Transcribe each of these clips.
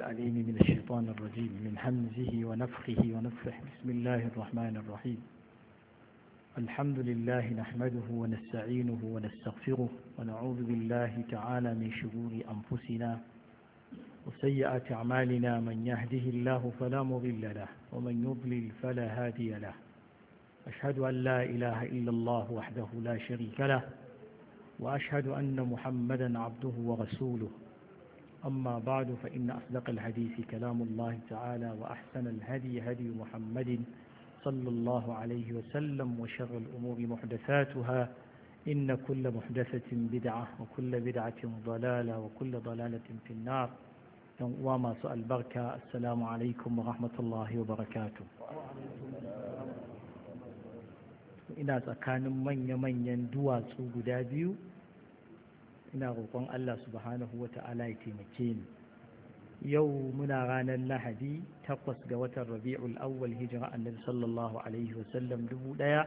التعليم من الشيطان الرجيم من همزه ونفخه ونفخه بسم الله الرحمن الرحيم الحمد لله نحمده ونستعينه ونستغفره ونعوذ بالله تعالى من شرور أنفسنا وسيئات أعمالنا من يهده الله فلا مضل له ومن يضلل فلا هادي له أشهد أن لا إله إلا الله وحده لا شريك له وأشهد أن محمدا عبده ورسوله أما بعد فإن أصدق الحديث كلام الله تعالى وأحسن الهدي هدي محمد صلى الله عليه وسلم وشر الأمور محدثاتها إن كل محدثة بدعة وكل بدعة ضلالة وكل ضلالة في النار وما سؤال بركة السلام عليكم ورحمة الله وبركاته ina كان من يمن يندوى سوق داديو ina roƙon Allah subhanahu wa ta'ala ya taimake ni yau muna ranar lahadi takwas ga watan rabi'ul awwal hijira annabi sallallahu alaihi wasallam dubu ɗaya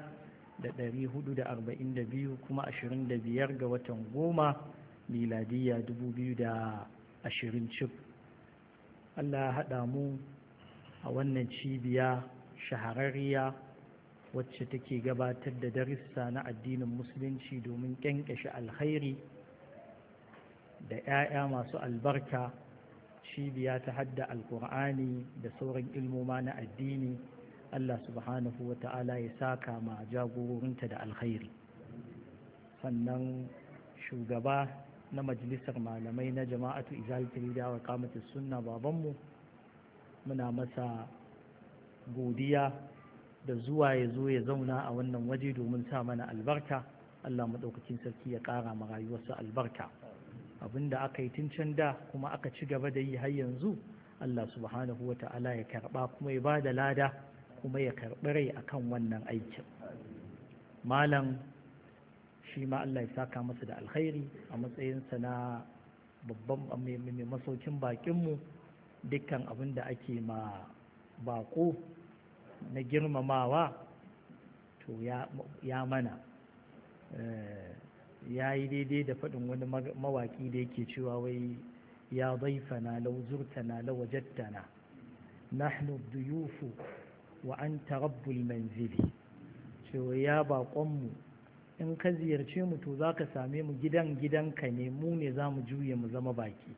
da ɗari hudu da arba'in da biyu kuma ashirin da biyar ga watan goma miladiyya dubu biyu da ashirin cif Allah ya haɗa mu a wannan cibiya shahararriya wacce take gabatar da darussa na addinin musulunci domin ƙyanƙyashe alkhairi da 'ya'ya masu albarka cibiya ta hadda alkur'ani da sauran ilmoma na addini Allah subhanahu wa ta'ala ya saka ma jagororinta da alkhairi sannan shugaba na majalisar malamai na jama'atu izalatul da wa kamata sunna babanmu muna masa godiya da zuwa ya zo ya zauna a wannan waje domin sa mana albarka Allah maɗaukacin sarki ya ƙara ma rayuwarsa albarka da aka yi tun can da kuma aka ci gaba da yi har yanzu Allah subhanahu wa ta'ala ya karba kuma ya ba da lada kuma ya karɓi rai akan wannan aikin malam shi ma Allah ya saka masa da alkhairi a matsayinsa na babban mai masaukin bakinmu dukkan abin da ake ma bako na girmamawa to ya mana eh, ya yi daidai da faɗin wani mawaƙi da yake cewa wai ya zaifana lau zurtana lau wajattana nahnu duyufu wa anta rabbul manzili cewa ya baƙonmu in ka ziyarce mu to za ka same mu gidan gidanka ne mu ne za mu juye mu zama baki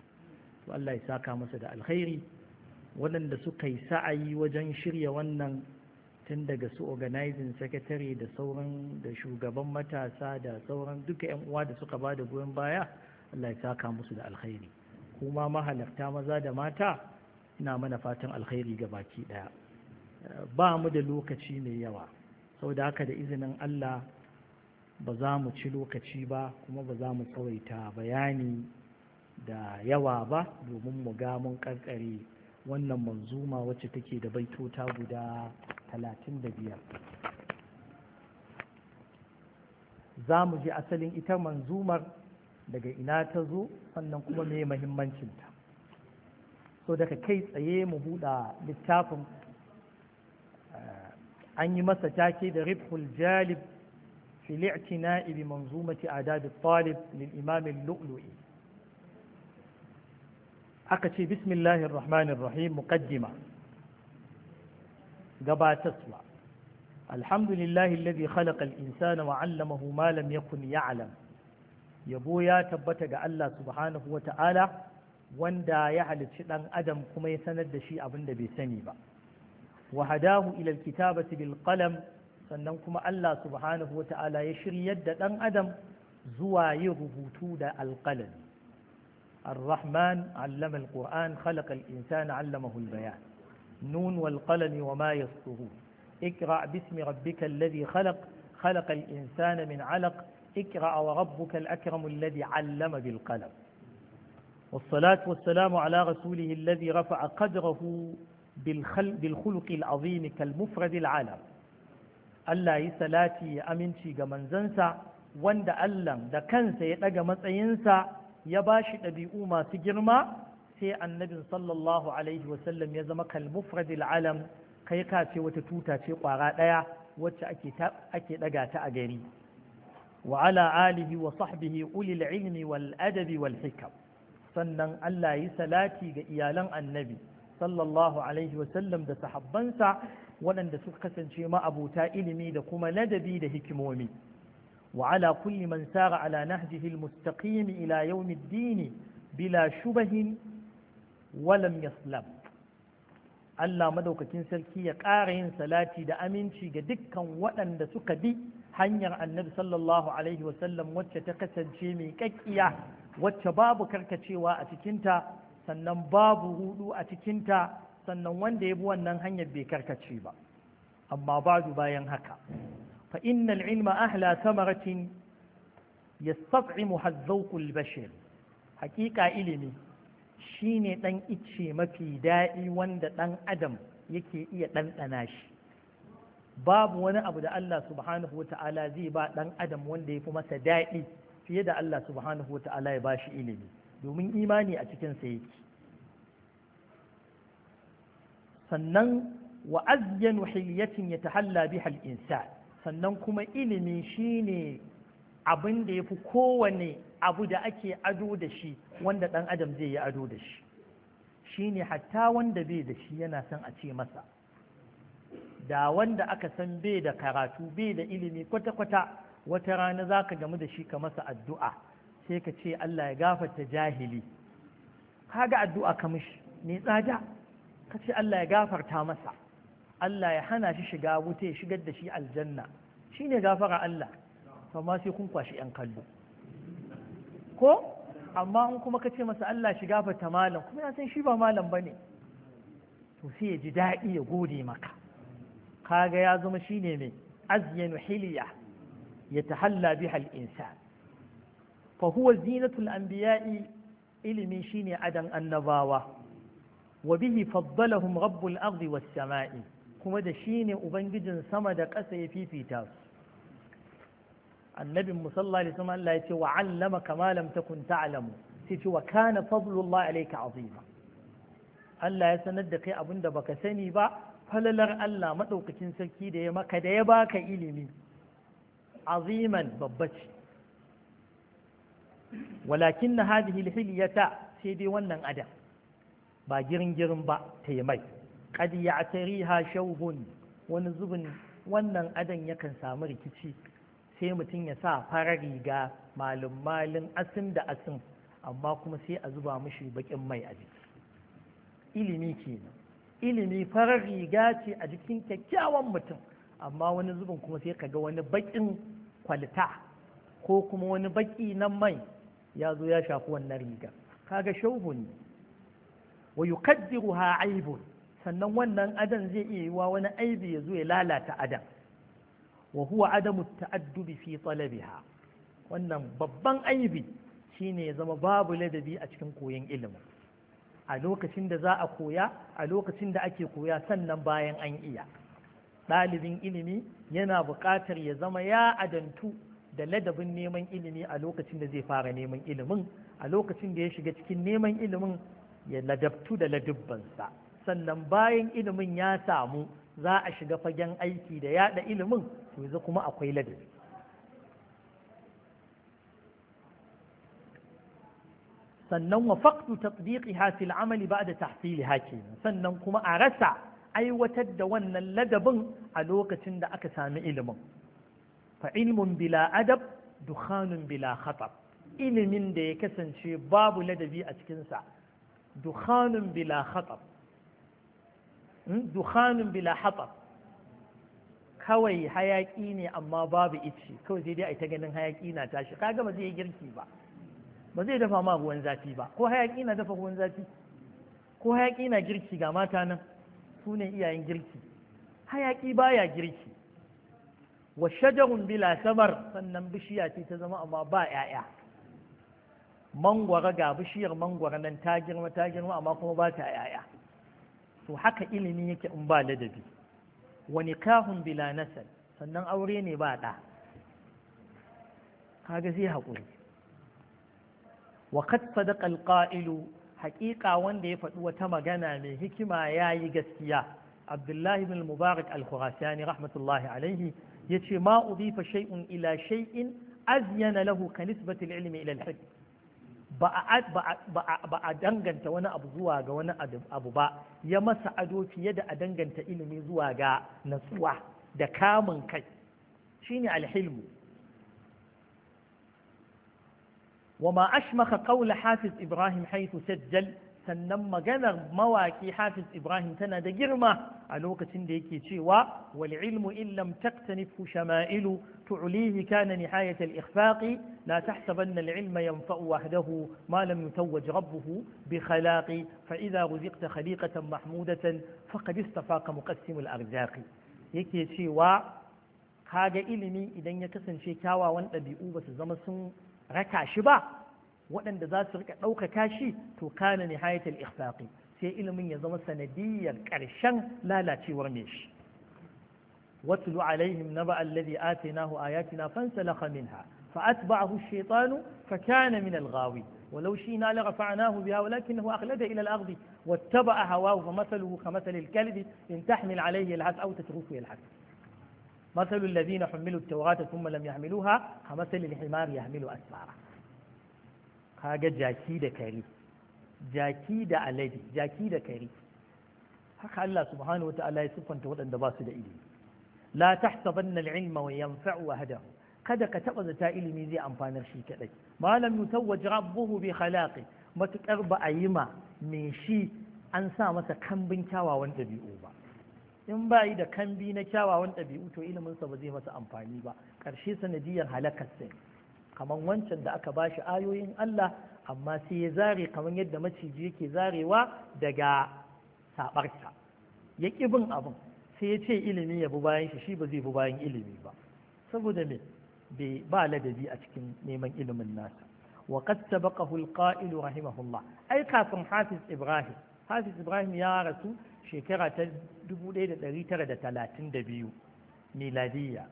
to Allah ya saka masa da alkhairi waɗanda suka yi sa'ayi wajen shirya wannan tun daga su organizing secretary da sauran da shugaban matasa da sauran duka 'yan uwa da suka ba da goyon baya Allah ya saka musu da alkhairi kuma mahalarta maza da mata ina mana fatan alkhairi ga baki daya ba mu da lokaci mai yawa sau da haka da izinin Allah ba za mu ci lokaci ba kuma ba za mu tsawaita bayani da yawa ba domin mu ga mun karkare wannan manzuma wacce take da baitota guda talatin da biyar za mu ji asalin ita manzumar daga ina ta zo sannan kuma me mahimmancinta so daga kai tsaye mu buɗa littafin eh, an yi masa take da ribhul jalib fi li'tina'i bi manzumati adab talib lil imam al-lu'lu'i aka ce bismillahir rahmanir rahim muqaddima gabatarwa alhamdulillahi alladhi khalaqa insana wa 'allamahu ma lam yakun ya'lam yabo ya tabbata ga Allah subhanahu wa ta'ala wanda ya halicci dan adam kuma ya sanar da shi abin da bai sani ba wa hadahu ila alkitabati bil qalam sannan kuma Allah subhanahu wa ta'ala ya shiryar da dan adam zuwa yin rubutu da alqalami الرحمن علم القرآن خلق الإنسان علمه البيان نون والقلم وما يسطرون اقرأ باسم ربك الذي خلق خلق الإنسان من علق اقرأ وربك الأكرم الذي علم بالقلم والصلاة والسلام على رسوله الذي رفع قدره بالخل بالخلق العظيم كالمفرد العالم ألا يسلاتي أمنشي ya زنسا ga ألم wanda Allah da ya ba shi ɗabi'u masu girma sai annabin sallallahu alaihi wasallam ya zama kalmufradil alam kai ka ce wata tuta ce ƙwara ɗaya wacce ake ɗaga ta a gari wa ala alihi wa sahbihi ulil ilmi wal adabi wal hikam sannan Allah yi salati ga iyalan annabi sallallahu alaihi wasallam da sahabbansa waɗanda suka kasance ma'abuta ilimi da kuma ladabi da hikimomi وعلى كل من سار على نهجه المستقيم إلى يوم الدين بلا شبه ولم يسلم Allah madaukakin sarki ya ƙara yin salati da aminci ga dukkan waɗanda suka bi hanyar annabi sallallahu alaihi wasallam wacce ta kasance mai ƙaƙƙiya wacce babu karkacewa a cikinta sannan babu hudu a cikinta sannan wanda ya bi wannan hanyar bai karkace ba amma babu bayan haka فإن العلم أهلى ثمرة يستطعمها الذوق البشر حقيقة إلمي shine ɗan icce mafi daɗi wanda ɗan adam yake iya ɗanɗana shi babu wani abu da Allah subhanahu wata'ala zai ba ɗan adam wanda ya fi masa daɗi fiye da Allah subhanahu wata'ala ya ba shi ilimi domin imani a cikinsa yake sannan wa azjanu hilyatin ya tahalla biha al-insan sannan kuma ilimi shine abin da ya fi kowane abu da ake ado da shi wanda ɗan adam zai yi ado da shi shine hatta wanda bai da shi yana son a ce masa da wanda aka san bai da karatu bai da ilimi kwata-kwata wata rana za ka gamu da shi ka masa addu'a sai ka ce Allah ya gafarta jahili ka ga addu'a ka mishi ne tsada ka ce Allah ya gafarta masa Allah ya hana shi shiga wuta ya shigar da shi aljanna ne gafara Allah amma sai kun kwashi yan kallo ko amma in kuma ka ce masa Allah shi fata malam kuma ya san shi ba malam bane to sai ya ji daɗi ya gode maka kaga ya zama shine mai azyanu hiliya ya tahalla biha insa. insan fa zinatul anbiya'i ilimi shine adan annabawa wa bihi faddalahum rabbul ardi was sama'i kuma da shi ne ubangijin sama da ƙasa ya fifita su annabin musalla da sama Allah ya ce wa allama kama lam takun ta'lamu sai ce wa kana fadlullah alayka azima Allah ya sanar da kai abin da baka sani ba falalar Allah madaukakin sarki da ya maka da ya baka ilimi aziman babbaci walakin na hadihi hiliyata sai dai wannan adam ba girin girin ba mai. qad ya'tariha shawhun wani zubin wannan adan yakan samu rikici sai mutum ya sa farar riga malin malin asin da asin amma kuma sai a zuba mishi bakin mai a jiki ilimi kenan ilimi farar riga ce a jikin kyakkyawan mutum amma wani zubin kuma sai ka ga wani bakin kwalita ko kuma wani baki na mai ya zo ya shafi wannan riga kaga shauhun ne wa yukaddiruha aibun sannan wannan adan zai iya wa wani aibi ya zo ya lalata adan wa huwa adamu ta'addubi fi talabiha wannan babban aibi shine ya zama babu ladabi a cikin koyon ilimi a lokacin da za a koya a lokacin da ake koya sannan bayan an iya ɗalibin ilimi yana buƙatar ya zama ya adantu da ladabin neman ilimi a lokacin da zai fara neman ilimin a lokacin da ya shiga cikin neman ilimin ya ladabtu da ladubbansa sannan bayan ilimin ya samu za a shiga fagen aiki da yada ilimin to yanzu kuma akwai ladabi sannan wa faqtu tatbiqiha fil amali ba'da tahsili kenan sannan kuma a rasa aiwatar da wannan ladabin a lokacin da aka sami ilimin fa ilmun bila adab dukhanun bila khatab ilimin da ya kasance babu ladabi a cikinsa dukhanun bila khatab Hmm? duhanin bila hatsar kawai hayaƙi ne amma babu ice kawai zai dai a ta ganin hayaki na tashi kaga ba zai girki ba ba zai dafa ma ruwan zafi ba ko hayaki na dafa ruwan zafi ko hayaki na girki ga mata nan su iyayen girki hayaƙi baya girki wa shajarun bila samar sannan bishiya ce ta zama amma ba 'ya'ya mangwara ga bishiyar mangwara nan ta girma ta girma amma kuma ba ta 'ya'ya to haka ilimi yake in ba ladabi wa nikahun bila nasal sannan aure ne ba ɗa kaga zai haƙuri wa qad sadaqa alqa'ilu haƙiƙa wanda ya faɗi wata magana mai hikima yayi gaskiya Abdullahi ibn Mubarak al-Khurasani rahmatullahi alaihi yace ma udifa shay'un ila shay'in azyana lahu ka nisbati al-ilmi ila al ba a danganta wani abu zuwa ga wani abu ba ya masa ado fiye da a danganta ilimi zuwa ga natsuwa da kamun kai shine alhilmu وما أشمخ قول hafiz ibrahim حيث سجل sannan maganar mawaki hafiz ibrahim tana da girma a lokacin da yake cewa wal ilmu illam taqtanifu shama'ilu tu'lihi kana nihayat al ikhfaqi la tahsabanna al ilma yanfa'u wahdahu ma lam yutawwaj rabbuhu bi khalaqi fa idha ruziqta khaliqatan mahmudatan faqad istafaqa muqassim al arzaqi yake cewa kaga ilimi idan ya kasance kyawawan dabi'u ba su zama sun raka shi ba waɗanda za su rika ɗaukaka shi to kana nihayatul ikhfaqi sai ilimin ya zama sanadiyar ƙarshen lalacewar mai shi watlu alaihim naba alladhi atainahu ayatina fansalakha minha فأتبعه الشيطان فكان من الغاوي ولو شئنا لرفعناه بها ولكنه أخلد إلى الأرض واتبع هواه فمثله كمثل الكلب إن تحمل عليه يلحث أو تتركه يلحث مثل الذين حملوا التوراة ثم لم يحملوها كمثل الحمار يحمل أسفاره kaga jaki da kare jaki da alade jaki da kare haka Allah subhanahu wata'ala ya siffanta waɗanda ba su da ilimi la tahsabanna al-ilma wa yanfa'u wa kada ka taba zata ilimi zai amfanar shi kadai malam yutawwaj rabbuhu bi khalaqi matukar ba a yi ma me shi an sa masa kambin kyawawan ɗabi'u ba in ba yi da kambi na kyawawan ɗabi'u to iliminsa ba zai masa amfani ba ƙarshe sanadiyar halakar sai kamar wancan da aka bashi ayoyin Allah amma sai ya zare kamar yadda maciji yake zarewa daga sabarsa ya ƙi bin abin sai ya ce ilimi ya bi bayan shi shi ba zai bi bayan ilimi ba saboda me bai ba ladabi a cikin neman ilimin nasa wa qad sabaqahu al-qa'il rahimahullah ai kafin Hafiz Ibrahim Hafiz Ibrahim ya rasu shekara ta 1932 miladiyya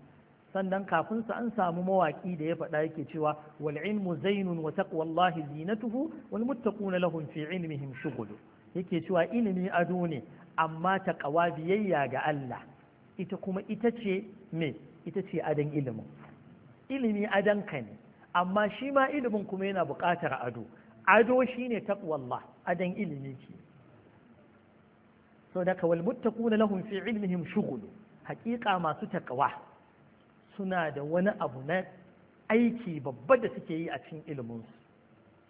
sannan kafin sa an samu mawaki da ya faɗa yake cewa wal ilmu zainun wa taqwallahi zinatuhu wal muttaquna lahum fi ilmihim shughulu yake cewa ilimi ado ne amma taqwa biyayya ga Allah ita kuma ita ce me ita ce adan ilimin ilimi adan ka ne amma shi ma ilimin kuma yana buƙatar ado ado shine taqwallah adan ilimi ce so daga wal muttaquna lahum fi ilmihim shughulu haƙiƙa masu taqwa suna da wani abu na aiki babba da suke yi a cikin iliminsu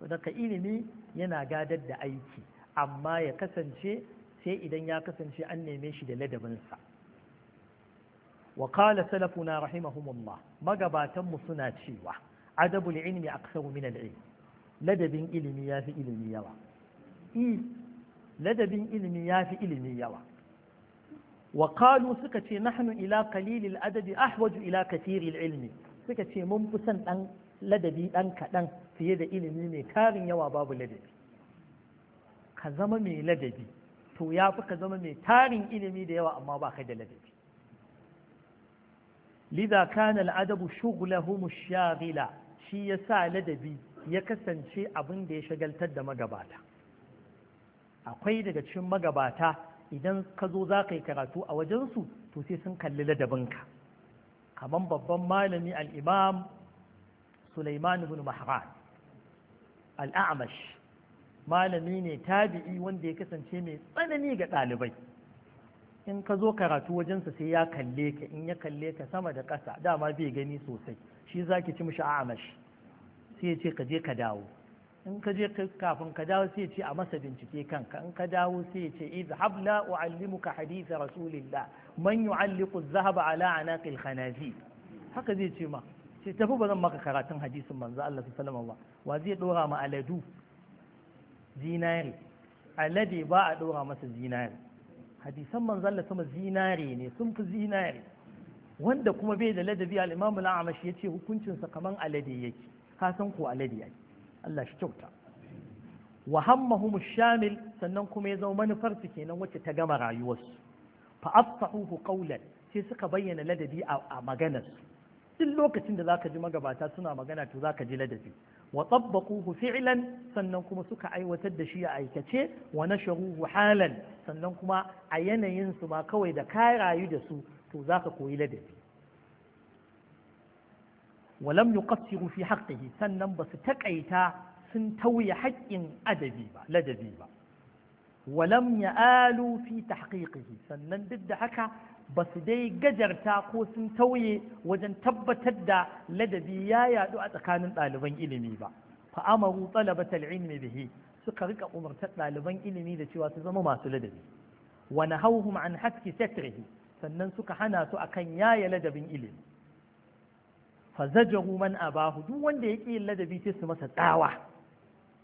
daga ilimi yana gadar da aiki amma ya kasance sai idan ya kasance an neme shi da ladabinsa wa salafu salafuna rahimahumullah magabatan mu suna cewa adabul ilmi aksaru min al ilm ladabin ilimi yafi ilimi yawa e, ladabin ilimi yafi ilimi yawa وقالوا سكتي نحن إلى قليل الأدب أحوج إلى كثير العلم سكتي ممكن أن لدبي أنك أن في يد إلمي كارن يوا باب لدبي كزما مي لدبي to ya fi ka zama mai tarin ilimi da yawa amma ba kai da ladabi liza kana al'adabu shughlahum shaghila shi yasa ladabi ya kasance abin da ya shagaltar da magabata akwai daga cikin magabata idan ka zo za ka yi karatu a wajensu to sai sun kalli ladabinka kamar babban malami al'imam Sulaiman ibn Mahran al'amash malami ne tabi'i wanda ya kasance mai tsanani ga ɗalibai in ka zo karatu wajensa sai ya kalle ka in ya kalle ka sama da ƙasa dama bai gani sosai shi za ki ci mishi a'amash sai ya ce ka je ka dawo in ka je kafin ka dawo sai ce a masa bincike kanka in ka dawo sai ce izhab la uallimuka haditha rasulillah man yu'alliqu adh-dhahaba ala anaqil khanazi haka zai ce ma sai tafi ba zan maka karatun hadisin manzo Allah sallallahu alaihi wasallam wa zai dora ma aladu zinari alade ba a dora masa zinari hadisan manzo Allah sama zinari ne sun fi zinari wanda kuma bai da ladabi al-imam al ce yace hukuncin kaman alade yake ka san ko alade yake Allah shi kyauta wa hammahum shamil sannan kuma ya zama manufar su kenan wacce ta gama rayuwarsu fa afsahuhu qawlan sai suka bayyana ladabi a maganar duk lokacin da zaka ji magabata suna magana to zaka ji ladabi wa tabbaquhu fi'lan sannan kuma suka aiwatar da shi a aikace wa nasharuhu halan sannan kuma a yanayin su ma kawai da ka rayu da su to zaka koyi ladabi walam yuqassiru fi hakki sannan basu taƙaita sun tauye haƙƙin adabi ba ladabi ba walam Alufi ta tahqiqihi sannan duk da haka basu dai gajarta ko sun tauye wajen tabbatar da ladabi ya yaɗu a tsakanin ɗaliban ilimi ba fa amaru talabatal ilmi bihi suka rika umartar ɗaliban ilimi da cewa su zama masu ladabi wa nahawhum an haski satrihi sannan suka hana su akan yaya ladabin ilimi fa man abahu duk wanda ya yin ladabi sai su masa tsawa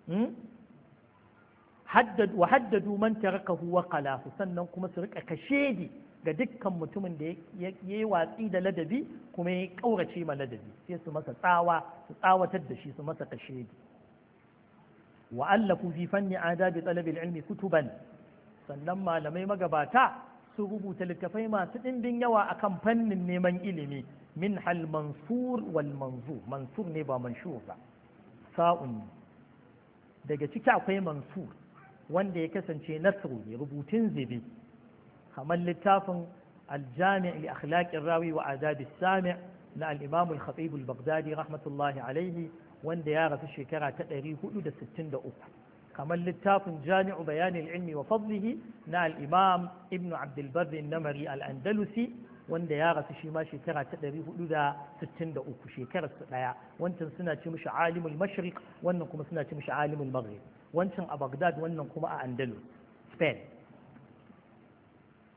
hmm? wa haddadu man tarakahu wa qalahu sannan kuma su rika kashedi ga dukkan mutumin da ya yi watsi da ladabi kuma ya kaurace ma ladabi sai su masa tsawa su tsawatar da shi su masa kashedi wa allafu fi fanni adabi talabil ilmi kutuban sannan malamai magabata su rubuta littafai masu ɗimbin yawa akan fannin neman ilimi min hal mansur wal manzu mansur ne ba manshur ba sa'un daga ciki akwai mansur wanda ya kasance nasru ne rubutun zibi kamar littafin الجامع لأخلاق الراوي وآداب السامع na al'imamu al-khatib al-baghdadi rahmatullahi alaihi wanda ya rasu shekara ta 463 kamar littafin jami'u bayanin ilmi wa fadlihi na al'imam ibn abdulbar namari al-andalusi wanda ya rasu shi ma shekara ta 463 shekarar su daya wancan suna ce mishi alimul mashriq wannan kuma suna ce mishi alimul maghrib wancan a Baghdad wannan kuma a Andalus Spain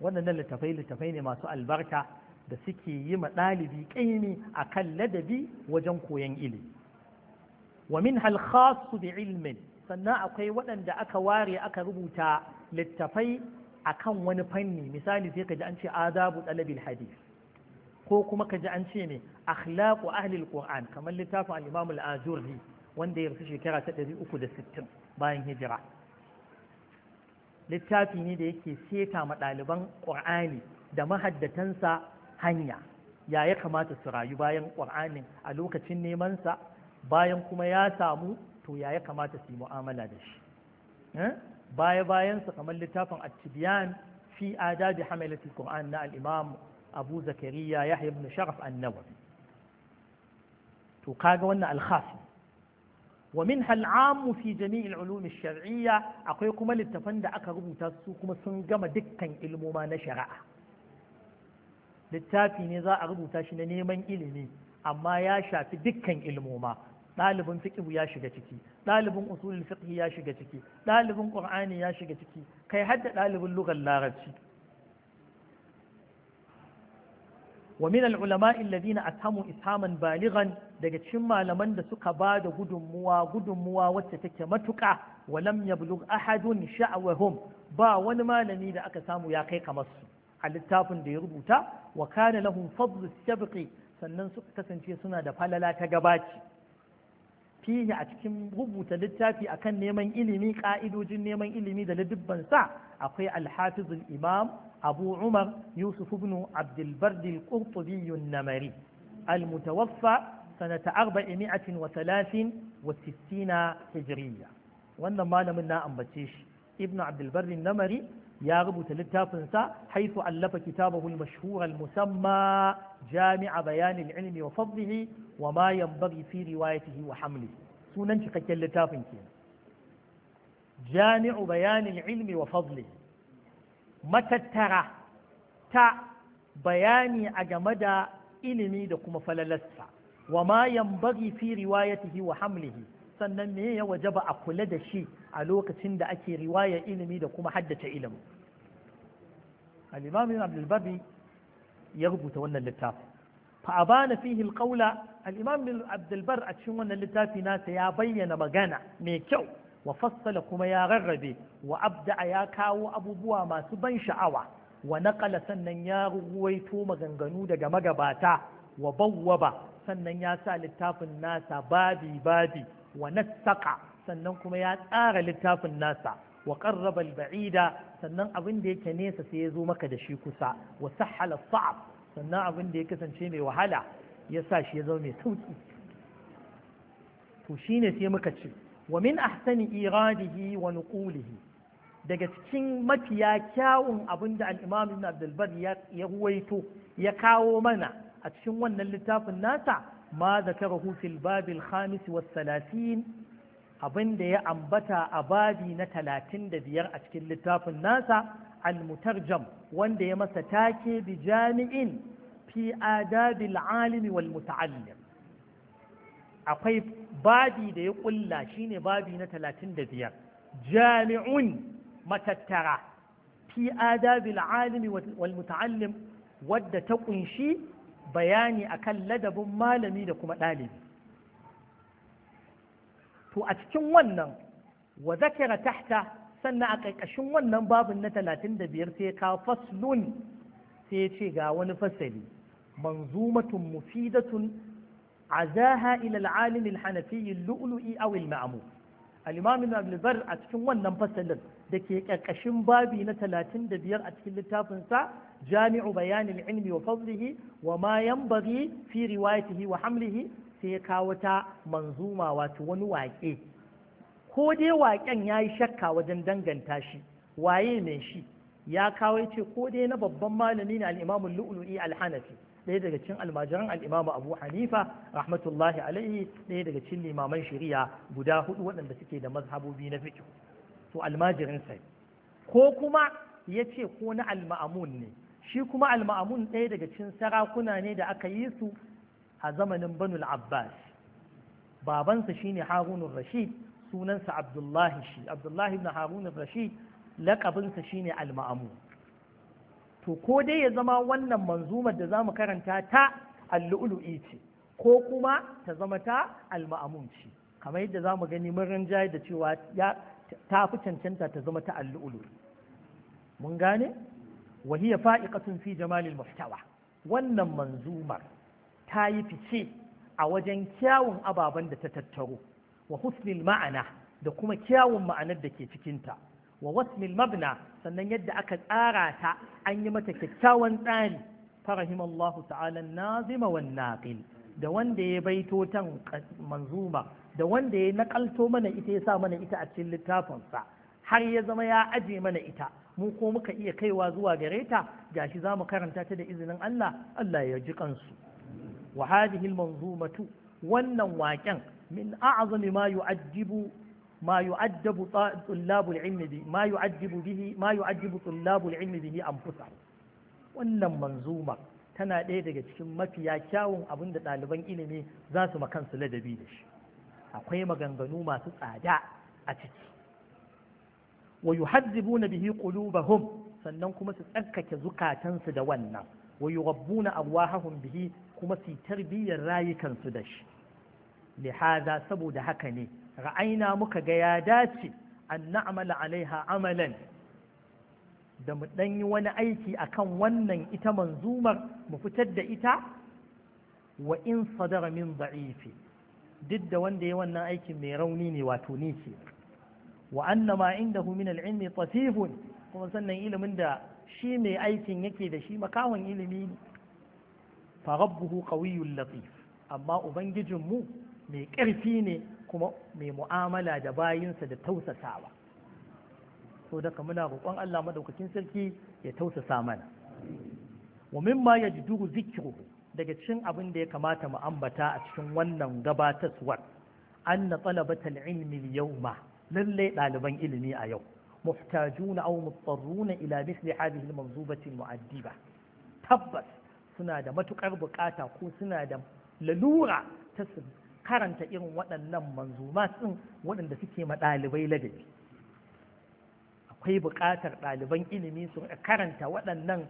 waɗannan littafai littafai ne masu albarka da suke yi ma ɗalibi ƙaimi a kan ladabi wajen koyon ilimi wa min halkhasu bi ilmin sannan akwai waɗanda aka ware aka rubuta littafai akan wani fanni misali sai ka ji an ce adabu talabil hadith ko kuma ka ji an ce ne akhlaqu ahlil qur'an kamar littafin al-imam al wanda ya rasu shekara ta 360 bayan hijira littafi ne da yake seta ma ɗaliban ƙur'ani da mahaddatansa hanya ya ya kamata su rayu bayan ƙur'anin a lokacin neman sa bayan kuma ya samu to ya ya kamata su yi mu'amala da shi eh? baya bayansa kamar littafin attibiyan tibyan fi adabi hamalati qur'an na al-imam abu zakariya yahya ibn sharaf an to kaga wannan al wa min hal'amu fi jami'in al-ulum shariyya akwai kuma littafan da aka rubuta su kuma sun gama dukkan ilmoma na shari'a littafi ne za a rubuta shi na neman ilimi amma ya shafi dukkan ilmoma ɗalibin fiqh ya shiga ciki ɗalibin usulul fiqh ya shiga ciki ɗalibin qur'ani ya shiga ciki kai hadda ɗalibin lugar larabci wa min al-ulama alladhina atamu ishaman balighan daga cikin malaman da suka ba da gudunmuwa gudunmuwa wacce take matuƙa wa lam yablugh ahadun sha'wahum ba wani malami da aka samu ya kai kamar su a littafin da ya rubuta wa kana lahum fadlu sabqi sannan suka kasance suna da falala ta gabaci fihi a cikin rubuta littafi akan neman ilimi ka'idojin neman ilimi da ladibban sa akwai al imam abu umar yusuf ibn abdul bardi al-qurtubi namari al-mutawaffa sanata 463 hijriya wannan malamin na ambace shi ibn abdul bardi namari ya rubuta littafinsa haifu allafa kitabahu al-mashhur al-musamma jami'a bayan al-ilmi wa fadlihi wa ma yanbaghi fi riwayatihi wa hamli sunan cikakken littafin kenan jami'u bayan al-ilmi wa fadlihi matattara ta bayani a game da ilimi da kuma falalarsa wa ma yanbaghi fi riwayatihi wa hamlihi sannan me ya waje ba a kula da shi a lokacin da ake riwaya ilimi da kuma haddace ilimi al-imam ibn abdul babi ya rubuta wannan littafin fa abana fihi al-qawla al-imam ibn abdul bar a cikin wannan littafi nasa ya bayyana magana mai kyau wa fassala kuma ya rarrabe wa abda ya kawo abubuwa masu ban sha'awa wa naqala sannan ya ruwaito maganganu daga magabata wa bawwaba sannan ya sa littafin nasa babi babi wa sannan kuma ya tsara littafin nasa wa qarraba al-ba'ida sannan abin da yake nesa sai ya zo maka da shi kusa wa sahhala sa'ab sannan abin da ya kasance mai wahala ya sa shi ya zama mai sauki to shine sai muka ce wa min ahsani iradihi wa nuqulihi daga cikin mafiya kyawun abin da al-imam ibn abdul ya ruwaito ya kawo mana a cikin wannan littafin nasa ما ذكره في الباب الخامس والثلاثين abin ya ambata a babi na talatin da biyar a cikin littafin nasa al-mutarjam wanda ya masa take bi jami'in fi adabil alimi wal muta'allim akwai babi da ya kulla shine babi na talatin da biyar jami'un matattara fi adabil alimi wal muta'allim wadda ta kunshi bayani a kan ladabin malami da kuma ɗalibi to a cikin wannan wa zakira tahta sannan a ƙarƙashin wannan babin na talatin da biyar sai ka faslun sai ya ce ga wani fasali manzumatun mufidatun azaha ila al-alim lului aw al A al-imam a cikin wannan fasalin da ke ƙarƙashin babi na talatin da biyar a cikin littafinsa jami'u bayanin ilmi wa fadlihi wa ma bari fi riwayatihi wa hamlihi sai ya kawo ta manzuma wato wani waƙe ko dai waƙen ya yi shakka wajen danganta shi waye ne shi ya kawo ya ce ko dai na babban malami ne al'imamu lu'lu'i al-hanafi ɗaya daga cikin almajiran al'imamu abu hanifa rahmatullahi alaihi ɗaya daga cikin limaman shari'a guda hudu waɗanda suke da mazhabobi na fiqh to almajirinsa ko kuma ya ce ko na alma'amun ne shi kuma alma'amun ɗaya daga cikin sarakuna ne da aka yi su a zamanin banul abbas babansa shine harunun rashid sunansa abdullahi shi abdullahi ibn harunun rashid laƙabinsa shine alma'amu. to ko dai ya zama wannan manzumar da za mu karanta ta allu'ulu'i ce ko kuma ta zama ta alma'amun ce kamar yadda za mu gani mun rinjaye da cewa ya. ta fi cancanta ta zama ta allu'ulu mun gane wahiya fa'iqatun fi jamalil muhtawa wannan manzumar ta yi fice a wajen kyawun ababen da ta tattaro wa husnil ma'ana da kuma kyawun ma'anar da ke cikinta wa wasmil mabna sannan yadda aka tsara ta an yi mata kyakkyawan tsari farahimallahu ta'ala nazima wan naqil da wanda ya baito tan manzumar. da wanda ya nakalto mana ita ya sa mana ita a cikin littafinsa har ya zama ya aje mana ita mu ko muka iya kaiwa zuwa gare ta gashi za mu karanta ta da izinin Allah Allah ya ji kansu wa hadhihi almanzumatu wannan waken, min a'zami ma yu'ajjibu ma يعجب طلاب العلم bi ma يعجب bihi ma يعجب طلاب bihi wannan manzuma tana ɗaya daga cikin mafiya kyawun abin da ɗaliban ilimi za su makansu ladabi da shi akwai maganganu masu tsada a ciki wa na bihi qulubahum sannan kuma su tsarkake zukatansu da wannan wa na arwahahum bihi kuma su tarbiyyar rayukansu da shi lihaza saboda haka ne ra'aina muka ga ya dace an na'amala alaiha amalan da mu yi wani aiki akan wannan ita manzumar mu fitar da ita wa in sadara min da'ifi duk da wanda ya wannan aikin mai rauni ne wato ni ce wa anna ma inda min al-ilmi tasifun kuma sannan ilimin da shi mai aikin yake da shi makahon ilimi ne fa rabbuhu qawiyyul latif amma ubangijin mu mai ƙarfi ne kuma mai mu'amala da bayinsa da tausasawa so daka muna roƙon Allah madaukakin sarki ya tausasa mana wa mimma yajduhu zikruhu daga cikin abin da ya kamata mu ambata a cikin wannan gabatarwar an na talabatal yau ma. lallai ɗaliban ilimi a yau muhtajuna aw mutsarruna ila misli hadhihi al mu'addi ba. tabbas suna da matukar bukata ko suna da lalura ta su karanta irin waɗannan manzuma ɗin waɗanda suke ma ɗalibai ladabi akwai buƙatar ɗaliban ilimi su karanta waɗannan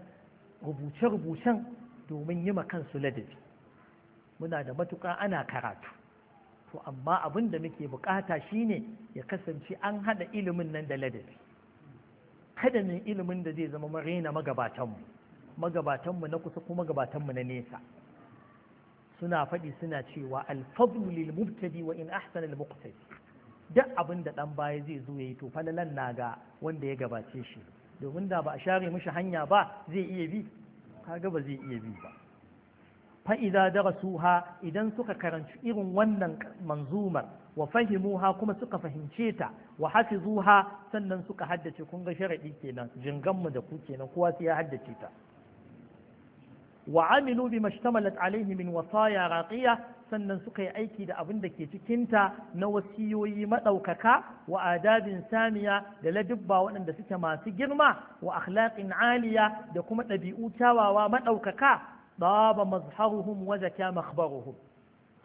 rubuce-rubucen domin yi ma kansu ladabi muna da matuƙa ana karatu to amma abin da muke bukata shine ya kasance an haɗa ilimin nan da ladabi kada ne ilimin da zai zama marena magabatanmu magabatanmu na kusa kuma magabatanmu na nesa suna faɗi suna cewa alfadlu lil mubtadi wa in ahsana al muqtadi duk abin da dan baya zai zo yayi to falalan na ga wanda ya gabace shi domin da ba a share mishi hanya ba zai iya bi kaga ba zai iya bi ba fa'iza ha idan suka karanci irin wannan manzumar wa fahimuha kuma suka fahimce ta wa ha sannan suka haddace kun ga sharadi kenan jinganmu da ku kenan kowa sai ya haddace ta wa amilu bi ishtamalat alaihi min wasaya raqiya sannan suka yi aiki da abin da ke cikinta na wasiyoyi maɗaukaka wa adabin samiya da ladubba waɗanda suke masu girma wa akhlaqin aliya da kuma ɗabi'u kyawawa maɗaukaka ɗaba mazharuhum wa zaka makhbaruhum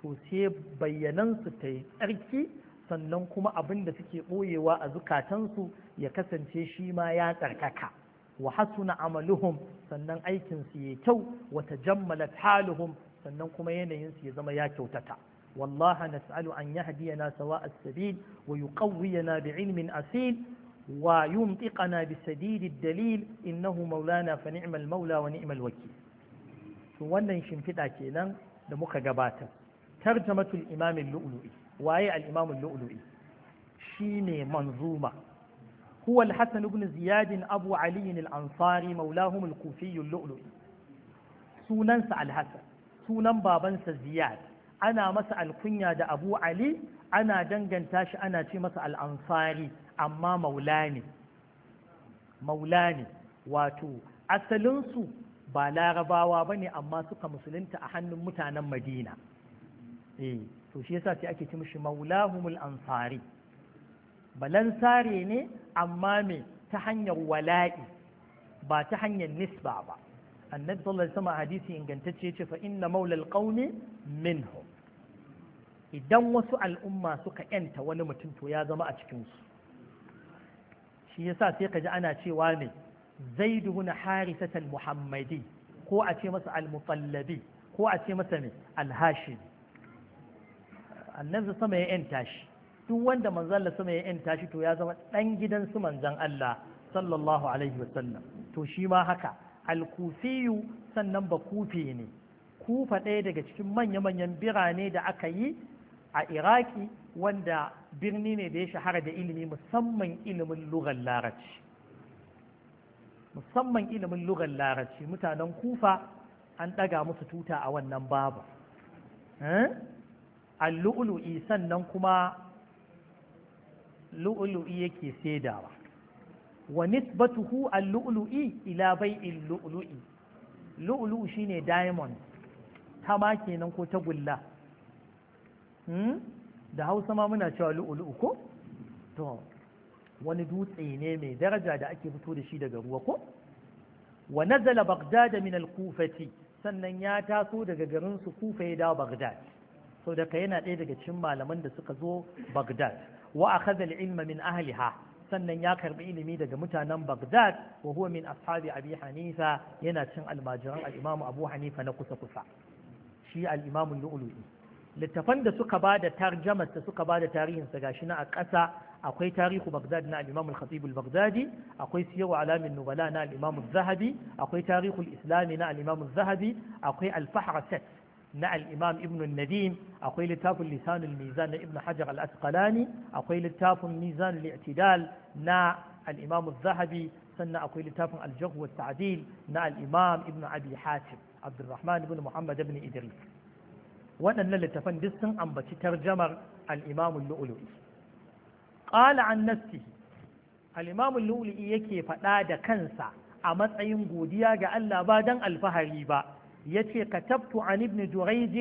to sai bayyanan su ta yi tsarki sannan kuma abin da suke ɓoyewa a zukatansu ya kasance shi ma ya tsarkaka wa hasuna amaluhum sannan aikinsu ya kyau wa tajammalat haluhum sannan kuma yanayin ya zama ya kyautata wallaha nas'alu an yahdiyana sawa as-sabil wa yuqawwiyana bi'ilmin asil wa yumtiqana bi ad-dalil innahu maulana fa ni'mal maula wa ni'mal wakil to wannan shimfiɗa kenan da muka gabatar tarjamatul imam al-lu'lu'i waye al-imam al-lu'lu'i shine manzuma huwa al-hasan ibn ziyad abu ali al-ansari maulahum al-kufi sunansa al sunan babansa ziyad ana masa alkunya da abu ali ana danganta shi ana ce masa al'amfari amma maula ne wato asalinsu ba larabawa ba ne amma suka musulunta a hannun mutanen madina eh to shi yasa sai ake ce mishi maulahumul ansari balansare ne amma me ta hanyar wala'i ba ta hanyar nisba ba annabi sallallahu alaihi wasallam hadisi ingantacce yace fa inna maulal qaumi minhum idan wasu al'umma suka yanta wani mutum to ya zama a cikin su shi yasa sai kaji ana cewa ne zaid ibn harisa al-muhammadi ko a ce masa al-mutallabi ko a ce masa ne al-hashimi annabi sama ya yanta shi duk wanda manzon sama ya yanta shi to ya zama dan gidan su manzon Allah sallallahu alaihi wasallam to shi ma haka alkufiyu sannan ba Kufi ne kufa ɗaya daga cikin manya-manyan birane da aka yi a iraki wanda birni ne da ya shahara da ilimi musamman ilimin lugar larabci musamman ilimin lugar larabci mutanen kufa an ɗaga musu tuta a wannan babu eh? al sannan kuma lu'lu'i yake saidawa wa nisbatuhu al-lu'lu'i ila bai'il lu'lu'i lu'lu'u shine diamond ta ma kenan ko ta gulla hmm? da Hausa ma muna cewa lu'ulu'u ko to wani dutse ne mai daraja da ake fito da shi daga ruwa ko wa nazala baghdad min al-kufati sannan ya taso daga garin su kufa ya dawo baghdad so da yana ɗaya daga cikin malaman da suka zo baghdad wa akhadha al-ilma min ahliha sannan ya karbi ilimi daga mutanen Baghdad wa huwa min ashabi Abi Hanifa yana cin almajiran al-Imam Abu Hanifa na kusa kusa shi al-Imam al-Lu'lu'i littafan da suka ba da tarjamar suka ba da tarihin sa gashi na a ƙasa akwai tarihu Baghdad na al-Imam al-Khatib al-Baghdadi akwai siyaru alamin nubala na al-Imam al-Zahabi akwai tarihu al-Islami na al-Imam al-Zahabi akwai al-Fahrasat na al'imam ibn nadim akwai littafin lisanul mizan na ibn hajar al-asqalani akwai littafin Mizan i'tidal na al'imam zahabi sannan akwai littafin aljahu wa ta'dil na al'imam ibn abi hatim abdurrahman ibn muhammad ibn idris waɗannan littafan duk sun ambaci tarjamar al'imam lu'lu'i qala an nafsihi al'imam lu'lu'i yake faɗa da kansa a matsayin godiya ga Allah ba dan alfahari ba yace katabtu an ibn jurayj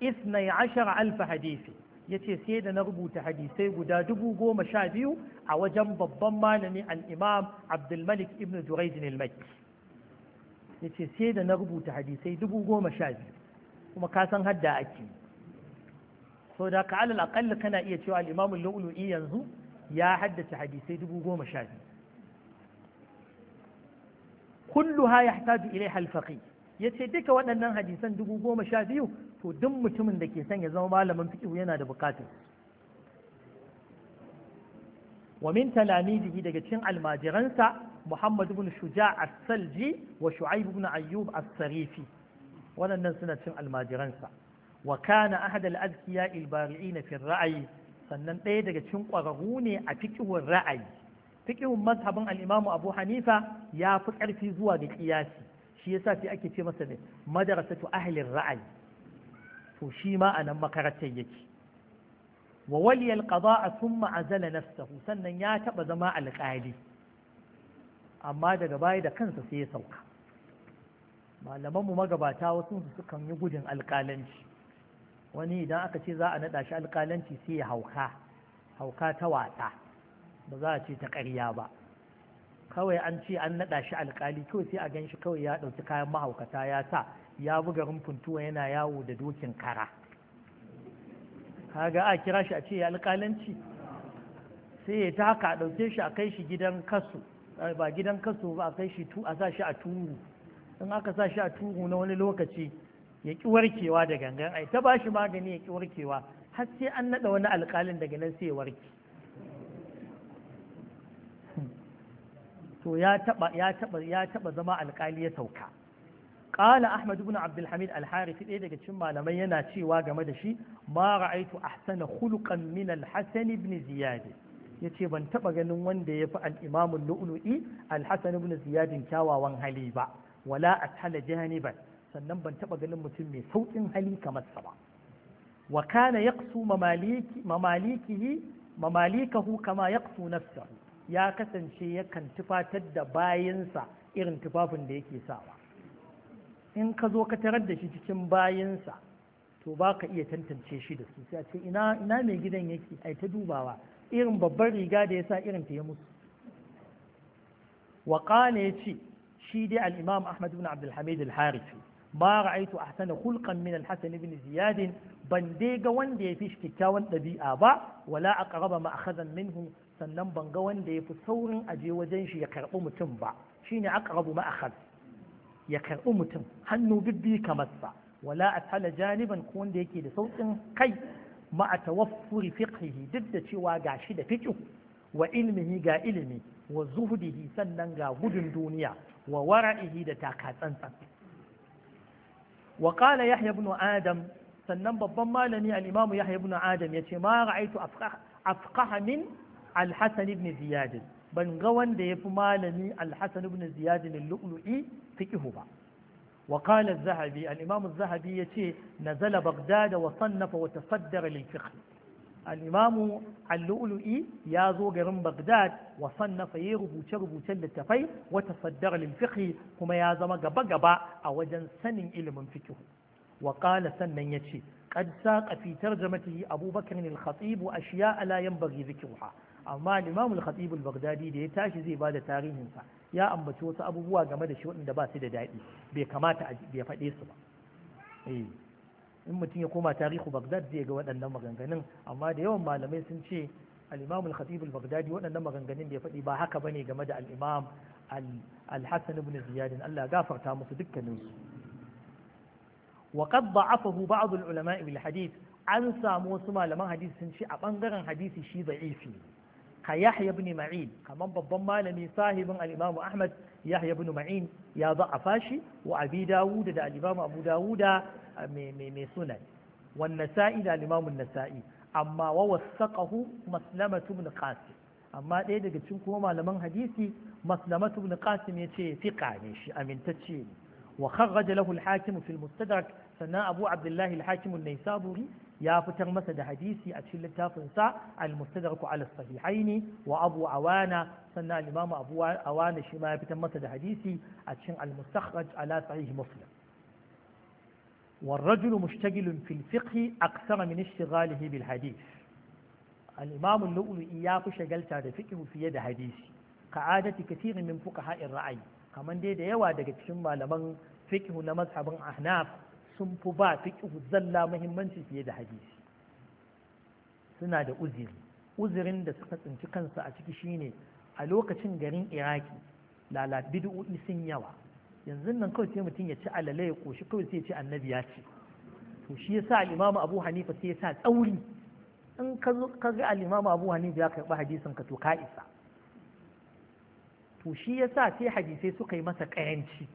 12000 hadisi yace sai da na rubuta hadisai guda dubu goma sha biyu a wajen babban malami al-imam abdulmalik ibn jurayj al-makki yace sai da na rubuta hadisai dubu goma sha biyu kuma ka san hadda ake so da ka alal aqalla kana iya cewa al-imam al-lu'lu'i yanzu ya haddace hadisai dubu goma sha biyu kullu kulluha yahtaju ilaiha ilai faqih ya ce duka waɗannan hadisan dubu goma sha biyu to duk mutumin da ke son ya zama malamin fiƙihu yana da buƙatar wa min talamidihi daga cikin almajiransa Muhammad ibn Shuja as-Salji wa Shu'aib ibn Ayyub as-Sarifi waɗannan suna cin almajiransa wa kana ahad al-azkiya al-bari'in fi ra'ayi sannan ɗaya daga cikin ƙwararru ne a fiƙihun ra'ayi fiƙihun mazhabin al imamu Abu Hanifa ya fi ƙarfi zuwa ga kiyasi. shi yasa sai ake ce masa ne madrasatu ahlin ra'ayi to shi ma a nan makarantar yake wa ƙaba a sun ma'azala nafsahu sannan ya taɓa zama alƙali amma daga baya da kansa sai ya sauka Malamanmu magabata wasu sukan yi gudun alƙalanci wani idan aka ce za a naɗa shi alƙalanci sai ya hauka hauka ta wata ba za a ce ta ƙarya ba kawai an ce an naɗa shi alkali kawai sai a gan shi kawai ya ɗauki kayan mahaukata ya sa ya buga rumfin tuwa yana yawo da dokin kara kaga a kira shi a ce ya alkalanci sai ya ta haka a ɗauke shi a kai shi gidan kasu eh, ba gidan kasu ba a kai shi a sa shi a turu in aka sa shi a turu na wani lokaci ya ƙi warkewa da gangan ai ta ba shi magani ya ƙi warkewa har sai an naɗa wani alkalin daga nan sai ya warke to ya taba zama alƙali ya sauka ƙala ahmad ibn abdulhamid alharifi ɗaya daga cikin malamai yana cewa game da shi ma ra'aitu ahsana khuluqan min al ibn ziyad yace ban taba ganin wanda yafi al-imam al-lu'lu'i al ibn ziyad kyawawan hali ba wala ashala janiban sannan ban taba ganin mutum mai sauƙin hali kamar sa ba wa kana yaqsu mamaliki mamalikihi mamalikahu kama yaqsu nafsahu ya kasance yakan tufatar da bayansa irin tufafin da yake sawa in ka zo ka tarar da shi cikin bayansa to ba ka iya tantance shi da su sai a ce ina mai gidan yake ai ta dubawa irin babbar riga da ya sa irin ta ya mutu wa ya ce shi dai al'imam imam ahmad ibn abdul hamid al-harifi ma ra'aitu ahsana khulqan min al-hasan ibn ziyad ban dai ga wanda ya fi shi kyakkyawan ɗabi'a ba wala aqraba ma akhadhan minhu sannan ban ga wanda ya fi saurin aje wajen shi ya karɓi mutum ba shine aqrabu ma akhadh ya karɓi mutum hannu bibbi kamar sa wala ashala janiban ko wanda yake da saukin kai ma a tawaffuri fiqhihi duk da cewa gashi da fiqh wa ilmihi ga ilimi wa zuhdihi sannan ga gudun duniya wa wara'ihi da takatsantsan Wakala qala yahya ibn adam sannan babban malami al yahya ibn adam yace ma ra'aytu afqaha min al-hasan ibn ziyad ban ga wanda ya fi malami al-hasan ibn ziyad al-lu'lu'i fiqhu ba wa qala az-zahabi al-imamu zahabi yace nazala baghdad wa wasannafa wa tasaddara al’imamu al’ulu’i ya zo garin Baghdad wasan na faye rubuce-rubucen littafai wata saddar limfiki kuma ya zama gaba-gaba a wajen sanin ilimin fikiru Waƙala sannan ya ce, Ƙad kafitar fitar jama'ati abubakar ne al a shiya alayan bari zikiwa. Amma al’imamu al-Khatibu al-Baghdadi da ya tashi zai bada tarihinsa ya ambaci wasu abubuwa game da shi waɗanda ba su da daɗi bai kamata a faɗe su ba. Eh. in mutum ya koma tarihu bagdad zai ga waɗannan maganganun amma da yawan malamai sun ce al-imam al-khatib al-baghdadi waɗannan maganganun da ya faɗi ba haka bane game da al-imam al-hasan ibn ziyad Allah gafarta musu dukkanin su wa qad da'afahu ba'd al-ulama bil hadith an samu wasu malaman hadisi sun ce a bangaren hadisi shi da'ifi ne ka yahya ibn ma'in kamar babban malami sahibin al-imam ahmad yahya ibn ma'in ya a fashi wa abi dawud da al-imam abu dawud eh, mai sunan wan nasa'i da al-imam nasai amma wa wasaqahu maslamatu ibn qasim amma ɗaya daga cikin kuma malaman hadisi maslamatu ibn qasim ce fiqa ne shi amintacce ne wa kharraja lahu al-hakim mustadrak sannan Abu Abdullah al-Hakim naisaburi ya fitar masa da hadisi a cikin littafin sa al-mustadrak ala sahihaini wa Abu Awana sannan al a Abu Awana shi fitar masa da hadisi a cikin al ala sahih Muslim والرجل مشتغل في الفقه أكثر من اشتغاله بالحديث الإمام اللؤلؤي ياقش قلت هذا فقه في يد حديث كعادة كثير من فقهاء الرأي kamar dai da yawa daga cikin malaman fiqhu na mazhabin ahnaf sun fi ba fiqhu zalla muhimmanci fiye da hadisi suna da uziri uzirin da suka tsinci kansu a ciki shine a lokacin garin iraki lala bid'o'i sun yawa yanzu nan kawai sai mutum ya ci alale ya koshi kawai sai ya ci annabi ya ce to shi yasa al-imamu abu hanifa sai ya sa tsauri in ka ga al-imamu abu hanifa ya karɓi hadisin ka to ka isa to shi yasa sai hadisai suka yi masa kayanci.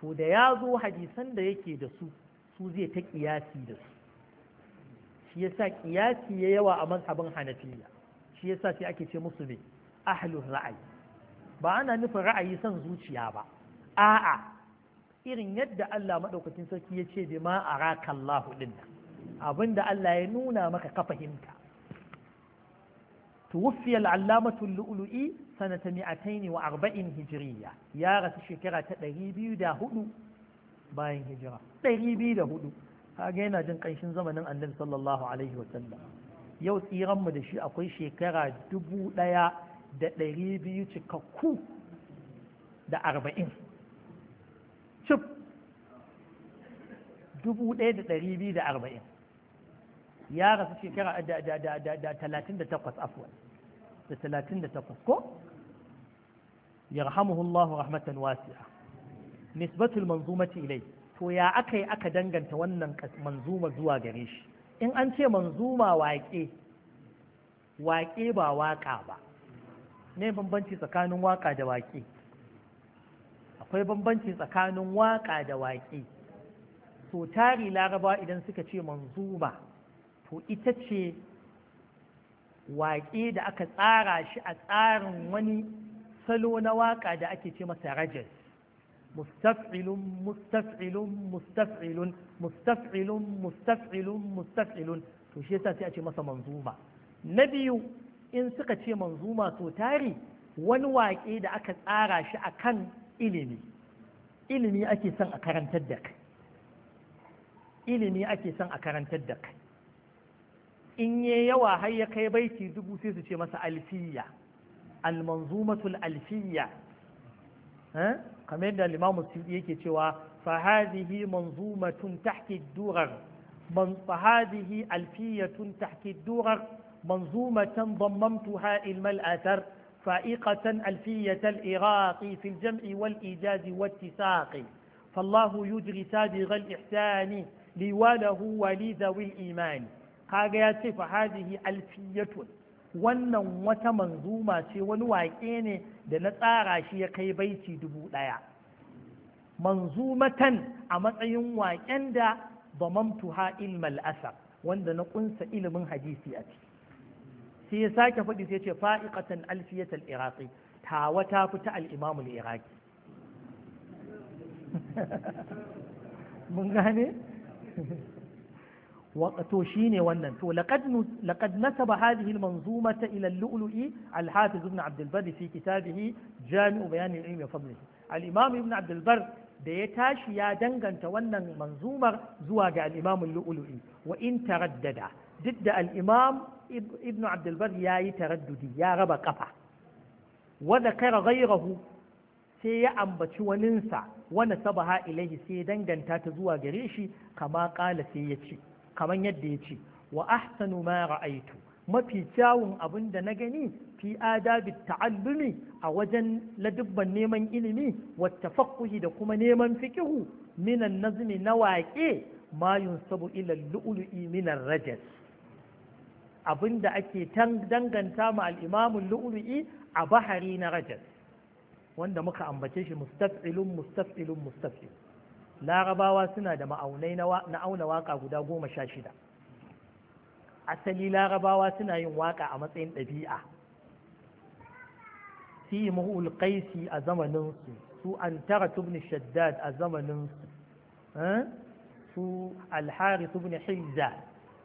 to da ya zo hadisan da yake da su su zai ta ƙiyasi da su shi ya sa ƙiyasi ya yawa a mazhabin hanafiya shi ya sa sai ake ce musu ne ahlun ra'ayi ba ana nufin ra'ayi son zuciya ba a'a irin yadda Allah maɗaukacin sarki ya ce ma araka abinda Allah ya nuna maka ka fahimta توفي العلامة اللؤلؤي سنة 240 هجرية يا رس شكرة تقريبي دا هدو باين هجرة تقريبي دا هدو هاجينا جن قيشن زمن النبي صلى الله عليه وسلم يو تيرم مدشي أقوي شكرة دبو ليا دا تقريبي تككو دا أربعين شب دبو ليا دا تقريبي دا أربعين ya rasu shekara da talatin da takwas afuwan da talatin da takwas ko yarhamuhullahu rahmatan wasi'a nisbatul manzumati ilai to ya aka yi aka danganta wannan manzuma zuwa gare shi in an ce manzuma waƙe waƙe ba waƙa ba ne bambanci tsakanin waƙa da waƙe akwai bambanci tsakanin waƙa da waƙe so tari laraba idan suka ce manzuma to ita ce waƙe da aka tsara shi a tsarin wani salo na waƙa da ake ce masa rajas mustaf'ilun mustaf'ilun mustaf'ilun mustaf'ilun mustaf'ilun mustaf'ilun to shi yasa sai a ce masa manzuma na biyu in suka ce manzuma to tari wani waƙe da aka tsara shi a kan ilimi ilimi ake son a karantar da kai ilimi ake son a karantar da kai in ya yawa har ya kai baiti dubu sai su ce masa alfiya almanzumatul alfiya kamar yadda limamu suyuti yake cewa fahadihi manzumatun tahti durar فهذه ألفية تحت الدرر منظومة ضممتها إلم الأثر فائقة ألفية الإراق في الجمع والإيجاز والتساق فالله يجري سابغ الإحسان لوله ولذوي الإيمان kaga ya ce fa hadihi alfiyatun wannan wata manzuma ce wani waƙe ne da na tsara shi ya kai baiti dubu ɗaya manzumatan a matsayin waƙen da ha ilmal asar wanda na kunsa ilimin hadisi a ciki sai ya sake faɗi sai ce fa'iqatan alfiyat al-iraqi tawa ta fita al imamul iraqi mun gane to shine wannan to laqad laqad nasaba hadhihi al-manzumata ila al-lu'lu'i al-hafiz ibn Abd al Jami'u Bayan al-Ilm ibn Abd da ya tashi ya danganta wannan manzumar zuwa ga al-Imam al-Lu'lu'i wa in taraddada duk da al-Imam ibn Abd ya yi yayi taraddudi ya raba kafa wa dhakara ghayrahu sai ya ambaci waninsa wani sabaha ilaihi sai ya danganta ta zuwa gare shi kama kala sai ya ce kamar yadda ya ce wa ahsanu ma ra'aitu mafi kyawun abin da na gani fi adabi ta'allumi a wajen ladubban neman ilimi wa tafaqquhi da kuma neman fikihu minan nazmi na waƙe ma yunsabu ila lu'lu'i minan rajas abin da ake danganta ma al'imamun lu'lu'i a bahari na rajas wanda muka ambace shi mustaf'ilun mustaf'ilun mustaf'ilun larabawa suna da ma'aunai na auna waka guda goma sha shida asali larabawa suna yin waka a matsayin ɗabi'a fi mahul qaisi a zamanin su an tara tubni shaddad a zamanin eh? su alhari tubni hizza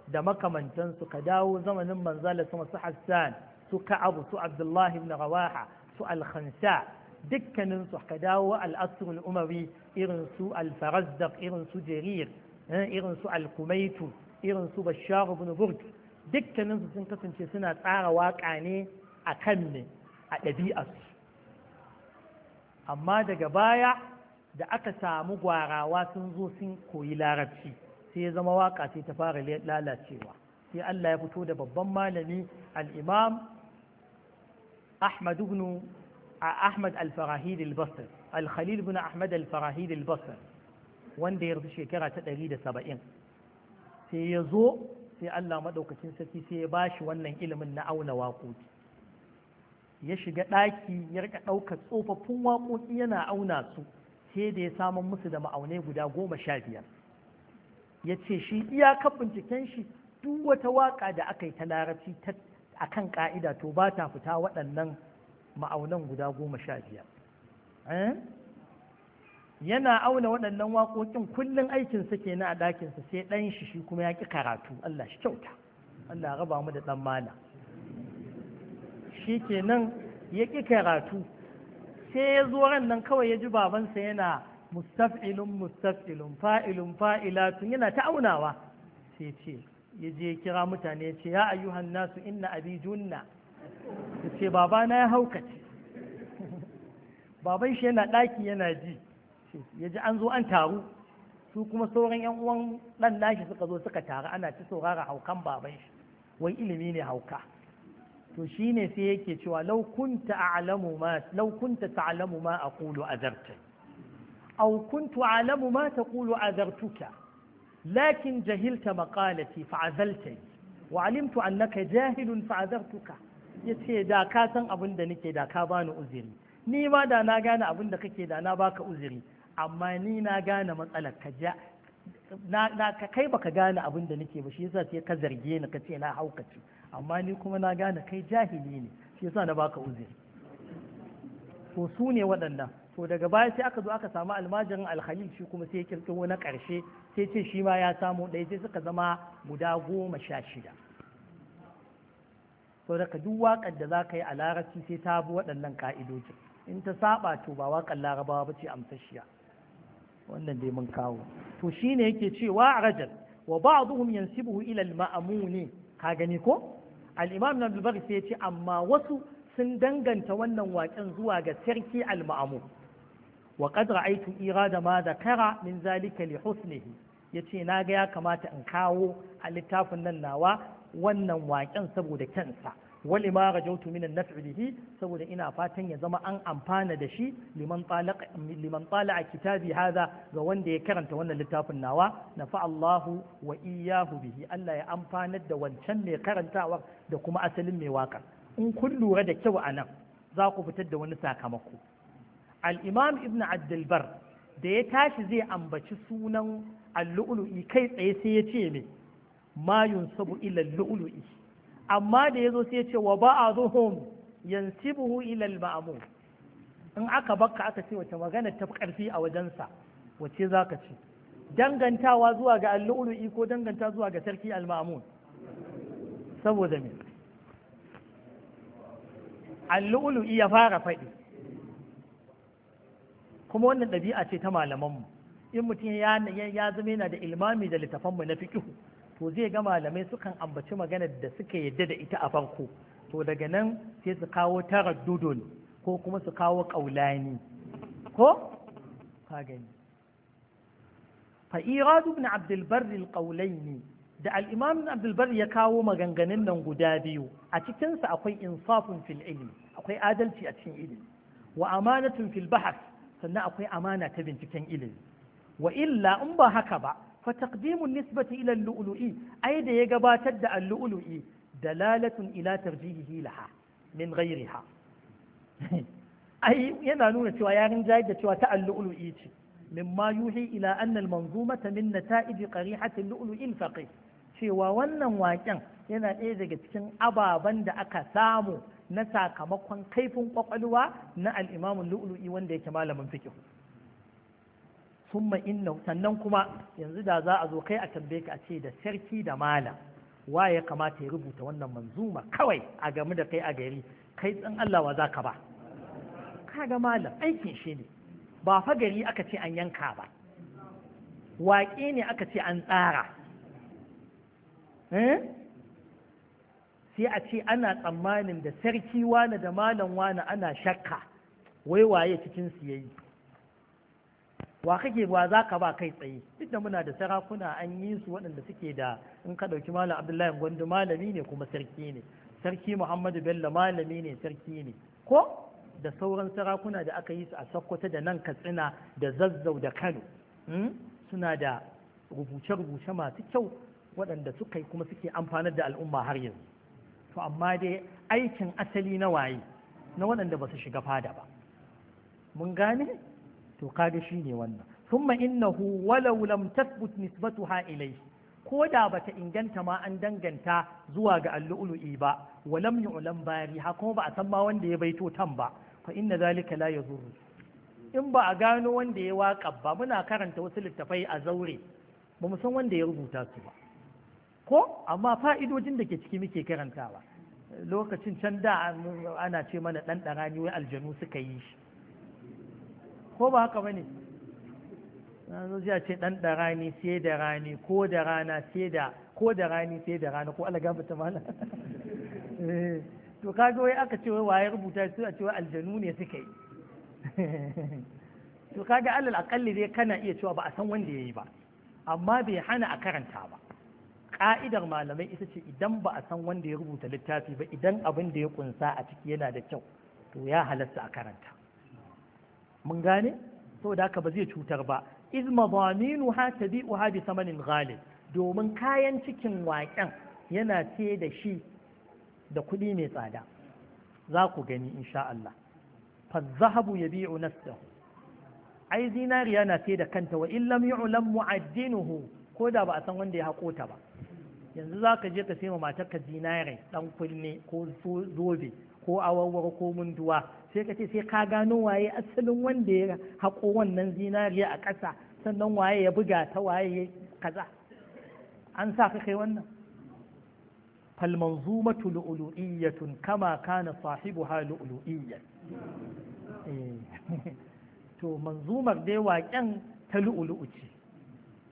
da makamantansu ka dawo zamanin manzala sama su hassan su ka'abu su abdullahi ibn rawaha su dukkanin dukkaninsu ka dawo al'asrul umari irin su alfarazdaq irin su jarir eh, irin su alkumaitu irin su bashar ibn burd dukkanin su sun kasance suna tsara waka ne a kan ne a ɗabi'arsu amma daga baya da aka samu gwarawa sun zo sun koyi larabci sai ya zama waka sai ta fara lalacewa sai Allah ya fito da babban malami al-imam Ahmad ibn Ahmad al-Farahid al-Basri alkhalil bin ahmad al-farahid al wanda ya rasu shekara ta ɗari da saba'in sai ya zo sai Allah maɗaukacin sarki sai ya ba shi wannan ilimin na auna waƙoƙi ya shiga ɗaki ya rika ɗaukar tsofaffin waƙoƙi yana auna su sai da ya samun musu da ma'aunai guda goma sha biyar ya ce shi iyakar binciken shi duk wata waƙa da aka yi ta larabci a kan ƙa'ida to ba ta fita waɗannan ma'aunan guda goma sha biyar Eh? yana auna waɗannan waƙoƙin kullum aikinsa suke na a ɗakinsa sai ɗan shi shi kuma ya ƙi karatu Allah shi kyauta Allah raba mu da ɗan mana shi kenan ya ƙi karatu sai ya zo ran nan kawai ya ji babansa yana mustaf'ilun mustaf'ilun fa'ilun tun yana ta aunawa sai ce ya je kira mutane ya ce ya ayyuhan nasu inna abi junna ce babana ya haukace baban shi yana ɗaki yana ji ya ji an zo an taru su kuma sauran yan uwan ɗan nashi suka zo suka taru ana ci saurara haukan baban shi wai ilimi ne hauka to ne sai yake cewa laukunta a'lamu ma law ta'lamu ma aqulu azarta aw kuntu a'lamu ma taqulu azartuka lakin jahilta maqalati wa'alimtu wa alimtu annaka jahilun fa'azartuka yace da ka san abin da nake da ka bani uzuri ni ma da na gane abin da kake da na baka uzuri amma ni na gane matsalar ka ja na ka kai baka gane abin da nake ba shi yasa sai ka zarge ni ka ce na haukace amma ni kuma na gane kai jahili ne shi yasa na baka uzuri to su ne waɗannan to daga baya sai aka zo aka samu almajirin alkhalil shi kuma sai ya kirkiro na ƙarshe sai ce shi ma ya samu ɗaya sai suka zama guda goma sha shida to daga duk waƙar da za ka yi a larabci sai ta bi waɗannan ka'idojin in ta saba to ba waƙar larabawa ba ce amsashiya wannan dai mun kawo to shine yake cewa a rajar, wa ba'dhum buhu ilal ma'amu ne, ka gani ko alimam imam Ibn sai amma wasu sun danganta wannan waƙen zuwa ga sarki al maamu wa qad Ira da ma zakara min zalika li husnihi yace na ga ya kamata in kawo a littafin nan nawa wannan waƙen saboda kyansa Wani ma rajautu minan naf'i saboda ina fatan ya zama an amfana da shi liman tsala a kitabi hadha ga wanda ya karanta wannan littafin nawa fi Allahu wa iyyahu bihi Allah ya amfanar da wancan mai karantawa da kuma asalin mai waka in kun lura da kyau nan za ku fitar da wani sakamako al-imam ibn abdul da ya tashi zai ambaci sunan alu'lu'i kai tsaye sai ya ce me ma yunsabu ila al-lu'lu'i amma da ya zo sai ya ce wa ba a ba'aduhum yansibuhu buhu ilal ma'amu. in aka bakka aka ce wace magana ta karfi a wajensa wace za ka ce dangantawa zuwa ga al ko danganta zuwa ga sarki al maamun saboda me al ya fara faɗi kuma wannan ɗabi'a ce ta malamanmu in mutum ya zama yana da ilmami da littafanmu na fiƙihu to zai ga malamai sukan ambaci maganar da suka yadda da ita a farko to daga nan sai su kawo taraddudun ko kuma su kawo ƙaulani ko ka gani fa iradu ibn abd albar alqawlaini da al-imam ibn abd ya kawo maganganun nan guda biyu a cikin sa akwai insafun fil ilmi akwai adalci a cikin ilimi wa amanatun fil bahth sannan akwai amana ta binciken ilimi wa illa in ba haka ba fa taqdimun nisbati ila lu'u'lu'i, ai da ya gabatar da al-lu'lu'i dalalatun ila tarjihihi laha min ghayriha ai yana nuna cewa ya rinjaye da cewa ta al-lu'lu'i ce mimma yuhi ila annal al-manzumata minna ta qarihati al-lu'lu'i al-faqih cewa wannan waken yana ɗaya daga cikin ababen da aka samu na sakamakon kaifin kwakwalwa na al'imamun lu'u'lu'i wanda yake malamin fikihu summa inna sannan kuma yanzu da za a zo kai a tambaye ka a ce da sarki da malam wa ya kamata ya rubuta wannan manzuma kawai a game da kai a gari kai tsan Allah wa zaka ba kaga malam aikin shi ne ba fa gari aka ce an yanka ba waƙe ne aka ce an tsara eh? sai a ce ana tsammanin da sarki wane da malam wane ana shakka wai waye cikin su yayi wa kake wa za ka ba kai tsaye duk da muna da sarakuna an yi su waɗanda suke da in ka ɗauki malam abdullahi gwandu malami ne kuma sarki ne sarki muhammadu bello malami ne sarki ne ko da sauran sarakuna da aka yi su a sokoto da nan katsina da zazzau da kano hmm? suna da rubuce-rubuce masu kyau waɗanda suka yi kuma suke amfanar da al'umma har yanzu to amma dai aikin asali na waye na waɗanda ba su shiga fada ba mun gane to kaga shine wannan thumma innahu walau lam tathbut nisbatuha ilayhi ko da bata inganta ma an danganta zuwa ga allu'lu'i ba walam yu'lam bariha kuma ba a san ma wanda ya baito tan ba fa inna zalika la yadhurru in ba a gano wanda ya waka ba muna karanta wasu littafai a zaure ba mu san wanda ya rubuta su ba ko amma fa'idojin da ke ciki muke karantawa lokacin can da ana ce mana ɗan ɗarani wai aljanu suka yi shi ko ba haka ne? na zo sai a ce ɗan da rani sai da rani ko da rana sai da ko da rani sai da rana ko Allah ta mana eh, to kaga wai aka ce wai waye rubuta su a cewa aljanu ne suka yi to kaga alal akalli dai kana iya cewa ba a san wanda yayi ba amma bai hana a karanta ba ka'idar malamai ita ce idan ba a san wanda ya rubuta littafi ba idan abin da ya kunsa a ciki yana da kyau to ya halasta a karanta mun gane saboda haka ba zai cutar ba iz mazaminu ha tabi'u ha bi samanin ghalib domin kayan cikin waken yana ce da shi da kuɗi mai tsada za ku gani insha Allah fa zahabu yabi'u nafsahu ai zinariya na ce da kanta wa illam yu'lam mu'addinuhu ko da ba a san wanda ya haƙo ta ba yanzu za ka je ka sai ma matarka zinari dan kunne ko zobe ko awarwaro ko munduwa sai ka ce sai ka gano waye asalin wanda ya haƙo wannan zinariya a ƙasa sannan waye ya buga ta waye ya kaza an sa ka kai wannan falmanzumatu lu'lu'iyyatun kama kana sahibuha lu'lu'iyyan eh. to manzumar dai waƙen ta lu'lu'u ce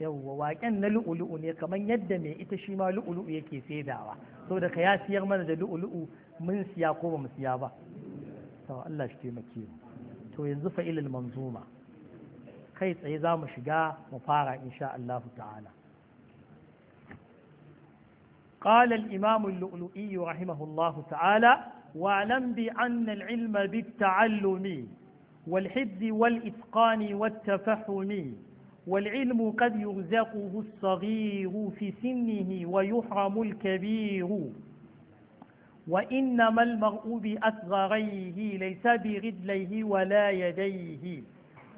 yawwa waƙen na lu'lu'u ne kamar yadda mai ita shi ma lu'lu'u yake saidawa saboda ka ya siyar mana da lu'lu'u mun siya ko ba mu siya ba fassara Allah shi taimake mu to yanzu fa ilil manzuma kai tsaye za mu shiga mu fara insha Allah ta'ala قال الإمام اللؤلؤي رحمه الله تعالى واعلم بأن العلم بالتعلم والحفظ والإتقان والتفهم والعلم قد يرزقه الصغير في سنه ويحرم الكبير وإنما المرء بأصغريه ليس برجليه ولا يديه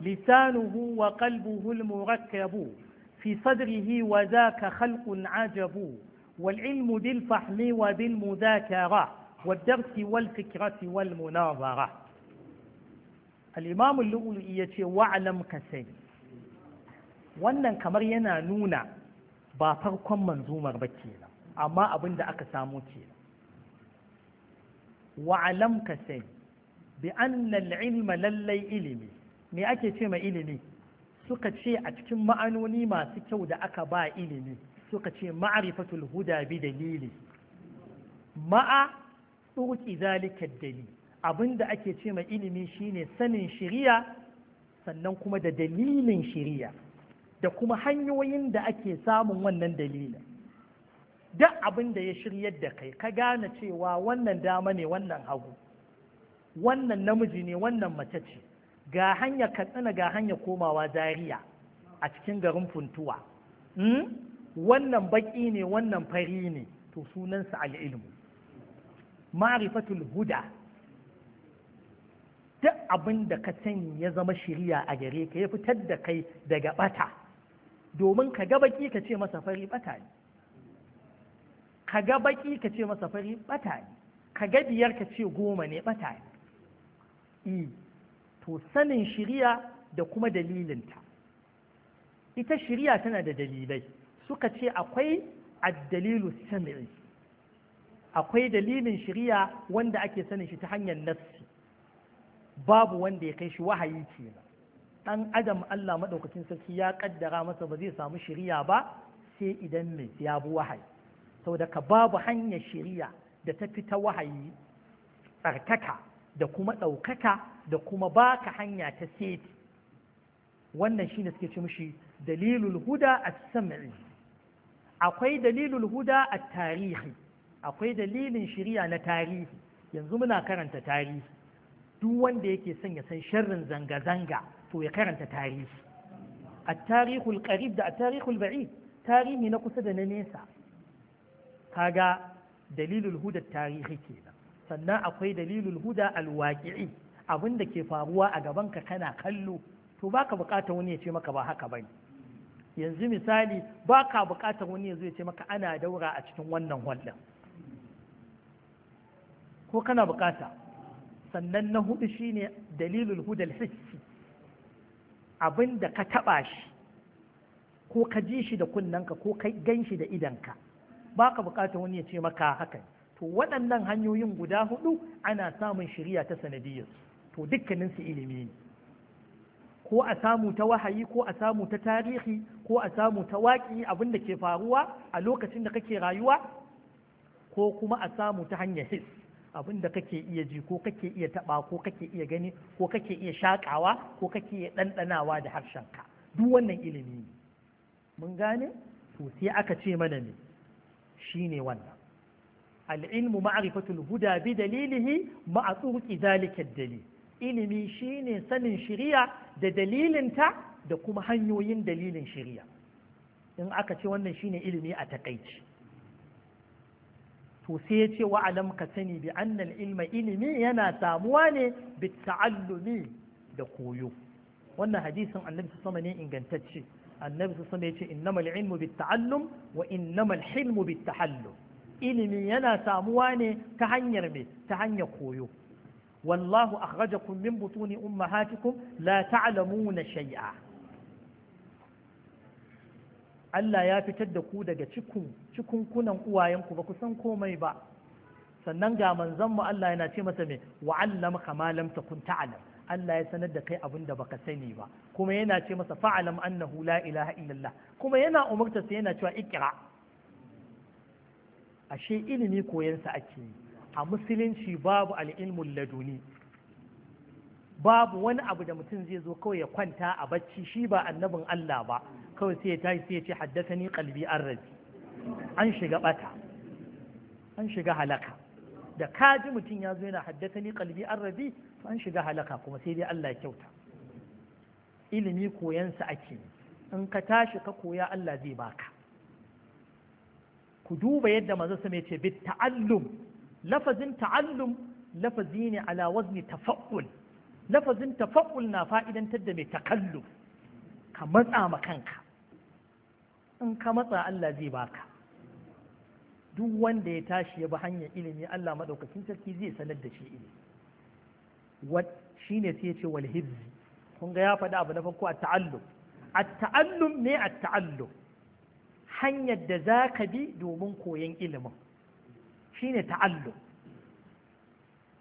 لسانه وقلبه المركب في صدره وذاك خلق عجب والعلم بالفحم وبالمذاكرة والدرس والفكرة والمناظرة الإمام اللؤلؤي يتي واعلم كسين وانا كمرينا نونا بافركم ba farkon manzumar اما kenan amma abin wa'alam ka sai bi ilma lallai ilimi me ake ce ma ilimi suka ce a cikin ma'anoni masu kyau da aka ba ilimi suka ce ma'rifatul huda bi dalili ma'a tsuki zalika dalil abinda ake ce ma ilimi shine sanin shiriya sannan kuma da dalilin shiriya da kuma hanyoyin da ake samun wannan dalilin duk abin da ya shirya da kai ka gane cewa wannan dama ne wannan hagu wannan namiji ne wannan mace ce ga hanya katsina ga hanya komawa Zariya a cikin garin funtuwa hmm? wannan baki ne wannan fari ne to sunansa al'ilmu ma'rifatul huda duk abin da ka sani ya zama shirya a gare ka ya fitar da kai daga bata domin ka ga baki ka ce masa fari bata ne ka ga baki ka ce masa fari bata ne ka ga biyar ka ce goma ne bata ne e, to sanin shiriya da kuma dalilinta ita shiriya tana da dalilai suka ce akwai addalilu sam'i akwai dalilin shiriya wanda ake sanin shi ta hanyar nassi babu wanda ya kai shi wahayi ba Ɗan adam Allah madaukakin sarki ya ƙaddara masa ba zai samu shiriya ba sai idan mai ya bi wahayi sau ka babu hanyar shari'a da ta fi ta wahayi tsarkaka da kuma ɗaukaka da kuma baka hanya ta seti wannan ne suke ce mushi, dalilul huda a sam'i akwai dalilul huda a tarihi akwai dalilin shari'a na tarihi yanzu muna karanta tarihi duk wanda yake son ya san sharrin zanga-zanga to ya karanta tarihi a tarihul qarib da a tarihul ba'id tarihi na kusa da na nesa kaga dalilul huda tarihi kenan sannan akwai dalilul huda alwaƙi'i abin da ke faruwa a gabanka kana kallo to baka bukata wani ya ce maka ba haka bane yanzu misali baka buƙatar wani ya zo ya ce maka ana daura a cikin wannan wallan ko kana bukata sannan na hudu shine dalilul huda alhissi abin da ka taɓa shi ko ka ji shi da kunnanka ko ka gan shi da idanka ba ka bukatar wani ya ce maka hakan. to waɗannan hanyoyin guda hudu ana samun shirya ta sanadiyar to dukkanin su ilimi ne ko a samu ta wahayi ko a samu ta tarihi ko a samu ta waƙi abin da ke faruwa a lokacin da kake rayuwa ko kuma a samu ta hanyar his abin da kake iya ji ko kake iya taba ko kake iya gani ko kake iya shakawa ko kake iya ɗanɗanawa da harshenka duk wannan ilimi ne mun gane to sai aka ce mana ne shine wannan al'ilmu ma'arifatul huda bi dalilihi ma'a tsuruki zalika dalil ilimi shine sanin shiriya da dalilinta da kuma hanyoyin dalilin shiriya in aka ce wannan shine ilimi a takaici to sai ya ce wa alam ka sani bi annal ilma ilimi yana samuwa ne bi ta'allumi da koyo wannan hadisin annabi sama ne ingantacce annabi su sama yace innamal ilmu bit ta'allum wa innamal hilmu bit tahallum ilimi yana samuwa ne ta hanyar me ta hanyar koyo wallahu akhrajakum min butuni ummahatikum la ta'lamuna shay'a Allah ya fitar da ku daga cikin cikunkunan uwayenku ba ku san komai ba sannan ga manzon mu Allah yana ce masa me wa'allam kama lam takun ta'lam Allah ya sanar da kai abin da baka sani ba kuma yana ce masa fa'alam annahu la ilaha illallah kuma yana umarta sa yana cewa ikira ashe ilimi koyansa sa ake yi a musulunci babu al'ilmul laduni babu wani abu da mutum zai zo kawai ya kwanta a bacci shi ba annabin Allah ba kawai sai ya tashi sai ya ce ni kalbi an shiga bata an shiga halaka da kaji mutum ya zo yana haddasa ni kalbi an rabi an shiga halaka kuma sai dai Allah ya kyauta ilimi koyansa ake in ka tashi ka koya Allah zai baka ku duba yadda manzo sama yace bit ta'allum lafazin ta'allum lafazi ne ala wazni tafa'ul lafazin tafaul na fa'idantar da mai takallu ka matsa ma kanka in ka matsa Allah zai baka duk wanda ya tashi ya bi hanyar ilimi Allah madaukakin sarki zai sanar da shi ilimi shi ne sai ya ce walhibzi kun ga ya faɗi abu na farko a ta'allum a ta'allum ne a ta'allum hanyar da za ka bi domin koyon ilimin shi ne ta'allum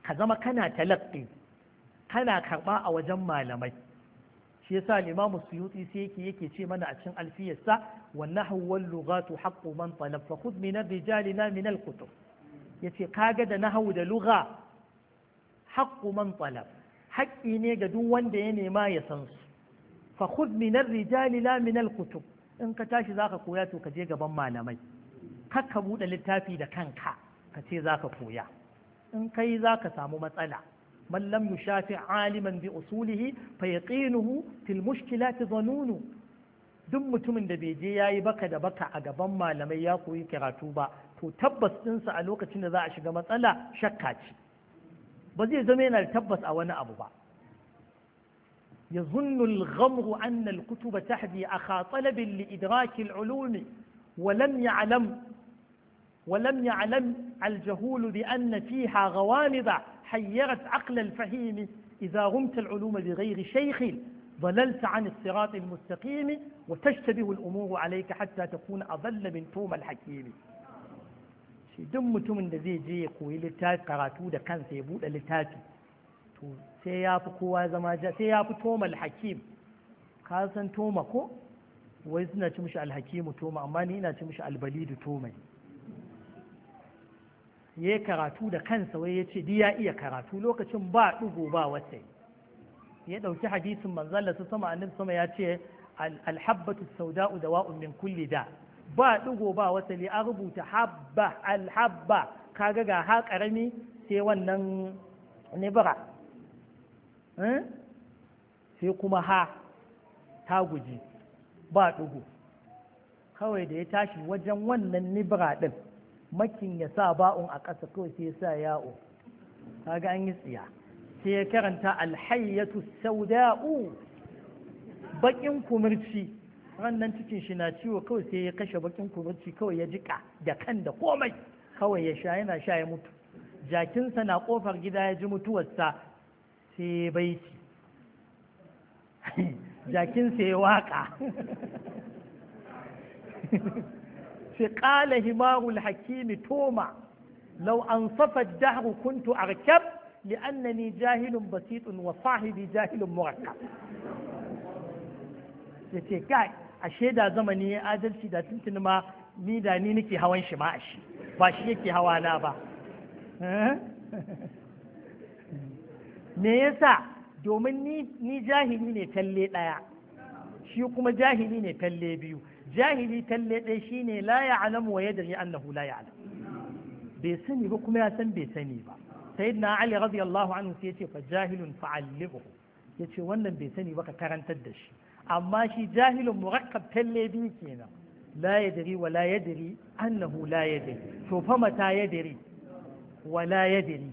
ka zama kana talaƙi kana karɓa a wajen malamai shi yasa limamu suyuti sai yake yake ce mana a cikin alfiyarsa wa nahwu lugatu lughatu haqqu man talab fa khudh min ar na min al-kutub yace kaga da nahwu da lugha haqqu man talab haƙƙi ne ga duk wanda ya nema ya san su fa khudh min ar-rijali la min al-kutub in ka tashi zaka koya to ka je gaban malamai kar ka buɗe littafi da kanka ka ce zaka koya in kai zaka samu matsala man lam yushafi aliman bi usulihi fa yaqinuhu fil mushkilati duk mutumin da bai je yayi baka da baka a gaban malamai ya koyi karatu ba to tabbas ɗinsa a lokacin da za a shiga matsala shakka ce ba zai zama yana tabbas a wani abu ba ya zunnu al ghamru anna al kutub tahdi akha talabin li idraki al-ulumi wa lam ya'lam wa lam ya'lam al-jahul bi anna fiha ghawanida hayyarat aql al fahim idha ghumta al ulum bi ghayri shaykh ضللت عن الصراط المستقيم وتشتبه الأمور عليك حتى تكون أضل من توم الحكيم ce duk mutumin da zai je ya koyi littafi karatu da kansa ya buɗe littafi to sai ya fi kowa zama sai ya fi toma alhakim ka san toma ko wai suna ci mishi alhakimu toma amma ni ina ci mishi albalidu toma ya yi karatu da kansa wai ya ce di ya iya karatu lokacin ba ɗigo ba wata ya ɗauki hadisin manzalla su sama annabi sama ya ce alhabbatu sauda'u dawa'un min kulli da' ba ɗigo ba wasali an rubuta habba alhabba kaga ga ha ƙarami sai wannan nibira eh? sai kuma ha ta guji ba ɗigo kawai da ya tashi wajen wannan nibra ɗin makin ya sa ba'un a ƙasa kawai sai ya sa ya'o kaga an yi tsiya sai ya karanta alhayyatu sauda'u baƙin kumurci rannan cikin shi na ciwo kawai sai ya kashe bakin kuruci kawai ya jika da kan da komai kawai ya sha yana sha ya mutu jakinsa na kofar gida ya ji mutuwarsa sai bai jakinsa ya waka sai kala himarul hakimi toma lau an safa kuntu arkab li'annani jahilun basitun wa sahibi jahilun murakkab ce ashe da zamani ya adalci da tuntuni ma ni da ni nake hawan shi ma ashe ba shi yake hawa na ba me yasa domin ni jahili ne talle daya shi kuma jahili ne talle biyu jahili talle ɗaya shine la ya'lamu wa ya annahu la ya'lam bai sani ba kuma ya san bai sani ba sayyidina ali radiyallahu anhu sai ce fa jahilun ya yace wannan bai sani ba ka karantar da shi amma shi jahilin murakkab talle biyu kenan la yadri wa la yadri annahu la yadri to fa mata yadri wa la yadri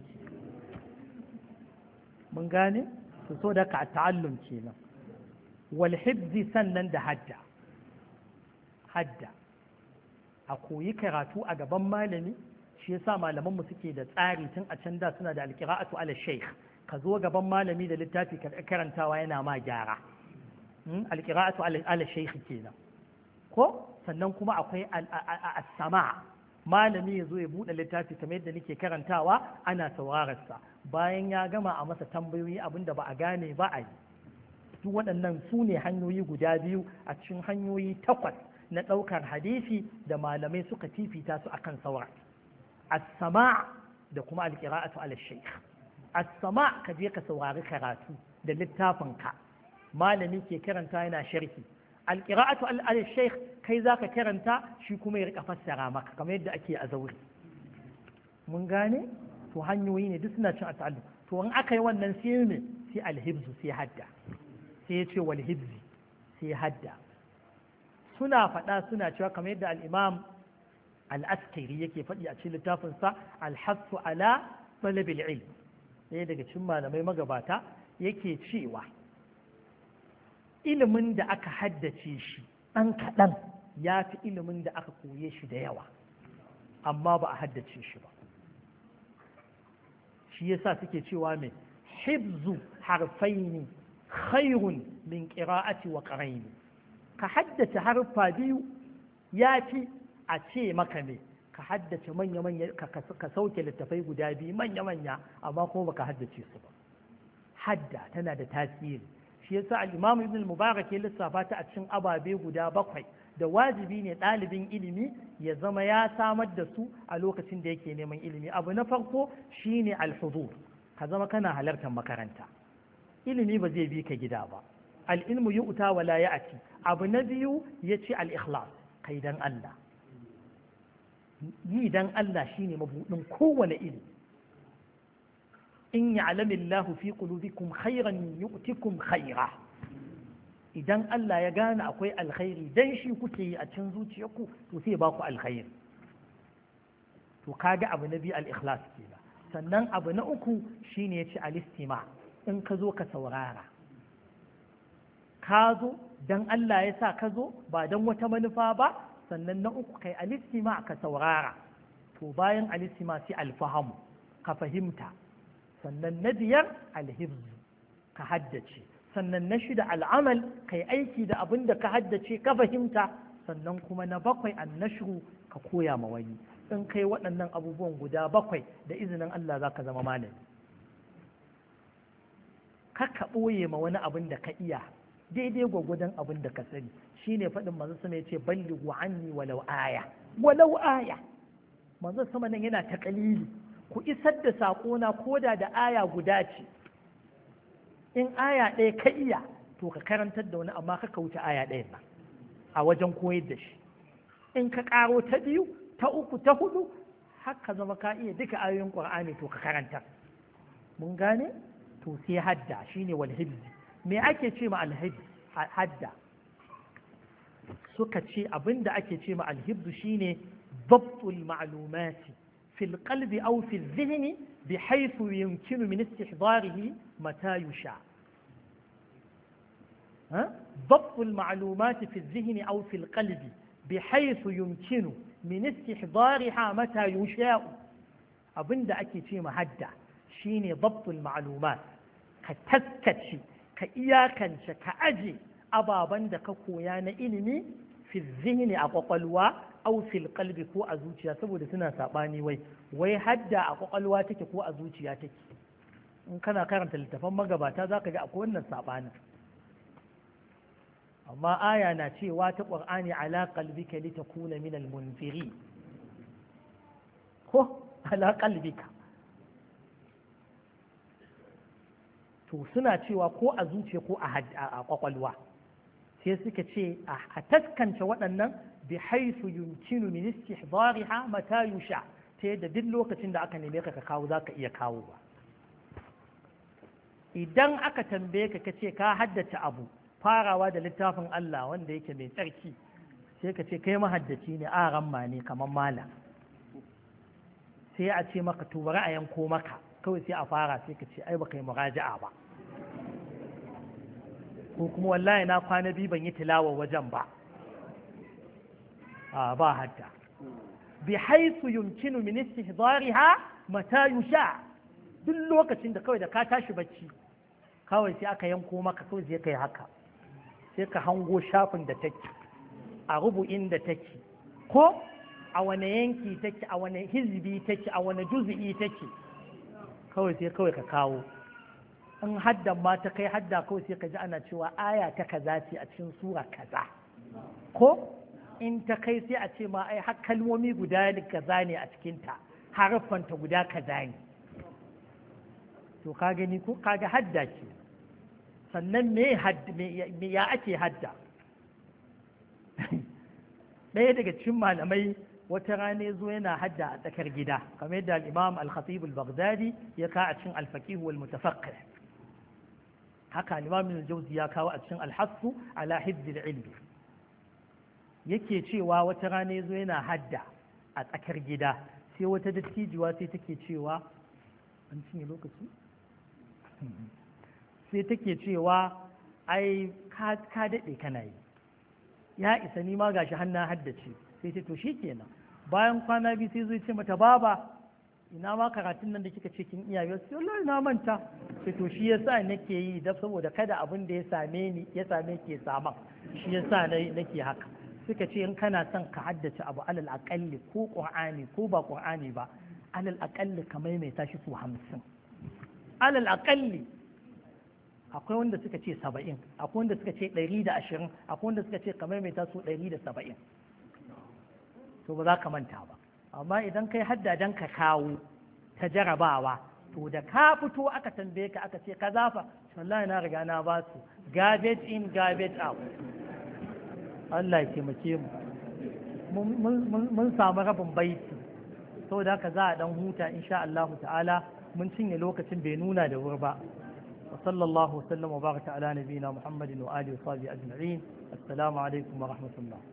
mun gane to so da ka ta'allum kenan wal hibzi sannan da hadda hadda a koyi karatu a gaban malami shi yasa malaman mu suke da tsari tun a can da suna da alkira'atu ala shaykh ka zo gaban malami da littafi ka karantawa yana ma gyara Hmm? alƙira'atu ala shaikhi kenan ko sannan kuma akwai as-sama malami ya zo ya buɗe littafi kamar yadda nake karantawa ana saurararsa bayan ya gama a masa tambayoyi abinda ba a gane ba a yi duk waɗannan su ne hanyoyi guda biyu a cikin hanyoyi takwas na ɗaukar hadisi da malamai suka fifita su akan saura as-sama da kuma al-qira'atu ala shaykh as-sama ka je ka saurari karatu da littafinka malami ke karanta yana sharhi alƙira'atu al sheikh kai zaka karanta shi kuma ya rika fassara maka kamar yadda ake a zauri mun gane to hanyoyi ne duk suna cin ata'allu to in aka yi wannan sai sai alhibzu sai hadda sai ya ce wal hibzi sai hadda suna faɗa suna cewa kamar yadda al-imam al-askari yake faɗi a cikin littafinsa al-hasu ala talabil ilm ɗaya daga cikin malamai magabata yake cewa ilimin da aka haddace shi ɗan kaɗan ya fi ilimin da aka koye shi da yawa amma ba a haddace shi ba shi yasa suke cewa mai hibzu harfai ne khairun min qira'ati wa qaraini ka haddace harfa biyu ya fi a ce maka ne ka haddace manya-manya ka sauke littafai guda biyu manya-manya amma kuma baka haddace su ba hadda tana da tasiri shi yasa sa imam ibn al-mubarak ya lissafa ta a cikin ababe guda bakwai da wajibi ne ɗalibin ilimi ya zama ya samar da su a lokacin da yake neman ilimi abu na farko shine al-huzur ka zama kana halartar makaranta ilimi ba zai bi ka gida ba al-ilmu yu'ta wa la ya'ti abu na biyu yace al-ikhlas kai dan Allah yi dan Allah shine mabudin kowane ilimi in ya'lamillahu fi qulubikum khairan yu'tikum khaira idan Allah ya gane akwai alkhairi dan shi kuke yi a cikin zuciyarku to sai ba ku alkhairi to kaga abu na biyu al-ikhlas kenan sannan abu na uku shine ya al-istima in ka zo ka saurara ka zo dan Allah ya sa ka zo ba dan wata manufa ba sannan na uku kai al-istima ka saurara to bayan al-istima sai al-fahamu ka fahimta sannan na biyar alhibzu ka haddace sannan na shida al'amal kai aiki da abin da ka haddace ka fahimta sannan kuma na bakwai annashru ka koya ma wani in kai waɗannan abubuwan guda bakwai da izinin Allah za ka zama malami ka ka ɓoye ma wani abin da ka iya daidai gwagwadon abin da ka sani Shi ne faɗin manzo sama yace ballighu anni walau aya walau aya manzo sama nan yana ta taƙalili ku isar da saƙona koda da aya guda ce in aya ɗaya ka iya to ka karantar da wani amma ka wuce aya ɗaya ba a wajen koyar da shi in ka ƙaro ta biyu ta uku ta hudu haka zama ka iya duka ayoyin ƙur'ani to ka karanta mun gane to sai hadda shine wal me ake ce ma alhibzi hadda suka ce abinda ake ce ma alhibzu shine dabtul ma'lumati في القلب أو في الذهن بحيث يمكن من استحضاره متى يشاء ضبط المعلومات في الذهن أو في القلب بحيث يمكن من استحضارها متى يشاء أبن دا أكي في مهدى شيني ضبط المعلومات كتسكتشي كإياكا كأجي أبا بند كقويان إلمي في الذهن أبطلوا Ausil kalbi ko a zuciya saboda suna sabani wai wai hadda a kwakwalwa take ko a zuciya take in kana karanta littafan magabata za ka ga akwai wannan sabanin amma aya na cewa ta qur'ani ala qalbika litakuna min al ko ala qalbika to suna cewa ko a zuciya ko a kwakwalwa sai suka ce a taskance waɗannan bi haisu yumkinu min istihdariha mata yusha ta yadda duk lokacin da aka neme ka ka kawo zaka iya kawo ba idan aka tambaye ka kace ka haddace abu farawa da littafin Allah wanda yake mai tsarki sai ka ce kai mahaddaci ne a ramma ne kamar mala sai a ce maka to bari a yanko maka kawai sai a fara sai ka ce ai baka yi muraja'a ba ko kuma wallahi na kwana biyu ban yi tilawa wajen ba ba hadda bi haisu yumkinu min istihdariha mata yusha duk lokacin da kawai da ka tashi bacci kawai sai aka yanko maka kawai sai kai haka sai ka hango shafin da take a rubu'in da take ko a wane yanki take a wane hizbi take a wane juzi'i take kawai sai kawai ka kawo in haddan ma ta kai hadda kawai sai ka ji ana cewa aya ta kaza ce a cikin sura kaza ko in ta kai sai a ce ma ai har kalmomi guda kaza ne a cikinta haruffanta guda kaza ne to ka gani ko kaga hadda ce sannan me ya ake hadda ɗaya daga cikin malamai wata rana zo yana hadda a tsakar gida kamar yadda al-imam al-khatib al-baghdadi ya ka a cikin al-faqih wal mutafaqqih haka al-imam al-jawzi ya kawo a cikin al-hasu ala hifz ilmi yake cewa wata rana zo yana hadda a tsakar gida sai wata dattijuwa sai take cewa an cinye lokaci sai take cewa ai ka daɗe kana yi ya isa ni ma gashi hanna haddace sai ce to shikenan bayan kwana biyu sai zai ce mata baba ina ma karatun nan da kika ce kin iya yau sai Allah na manta sai to shi yasa nake yi da saboda kada abin da ya same ni ya same ke saman shi yasa nake haka suka ce in kana son ka haddace abu alal aƙalli ko ƙur'ani ko ba ƙur'ani ba alal aƙalli ka maimaita shi su hamsin alal aƙalli akwai wanda suka ce saba'in akwai wanda suka ce ɗari da ashirin akwai wanda suka ce ka maimaita su ɗari da saba'in to ba za ka manta ba amma idan kai haddadan ka kawo ta jarabawa to da ka fito aka tambaye ka aka ce ka zafa wallahi na riga na ba su garbage in garbage out Allah ya taimake mu mun samu rabin baiti saboda haka za a dan huta insha Allah ta'ala mun cinye lokacin bai nuna da wuri ba wa sallallahu wa baraka ala nabiyina muhammadin wa alihi wa sahbihi ajma'in assalamu alaikum wa rahmatullah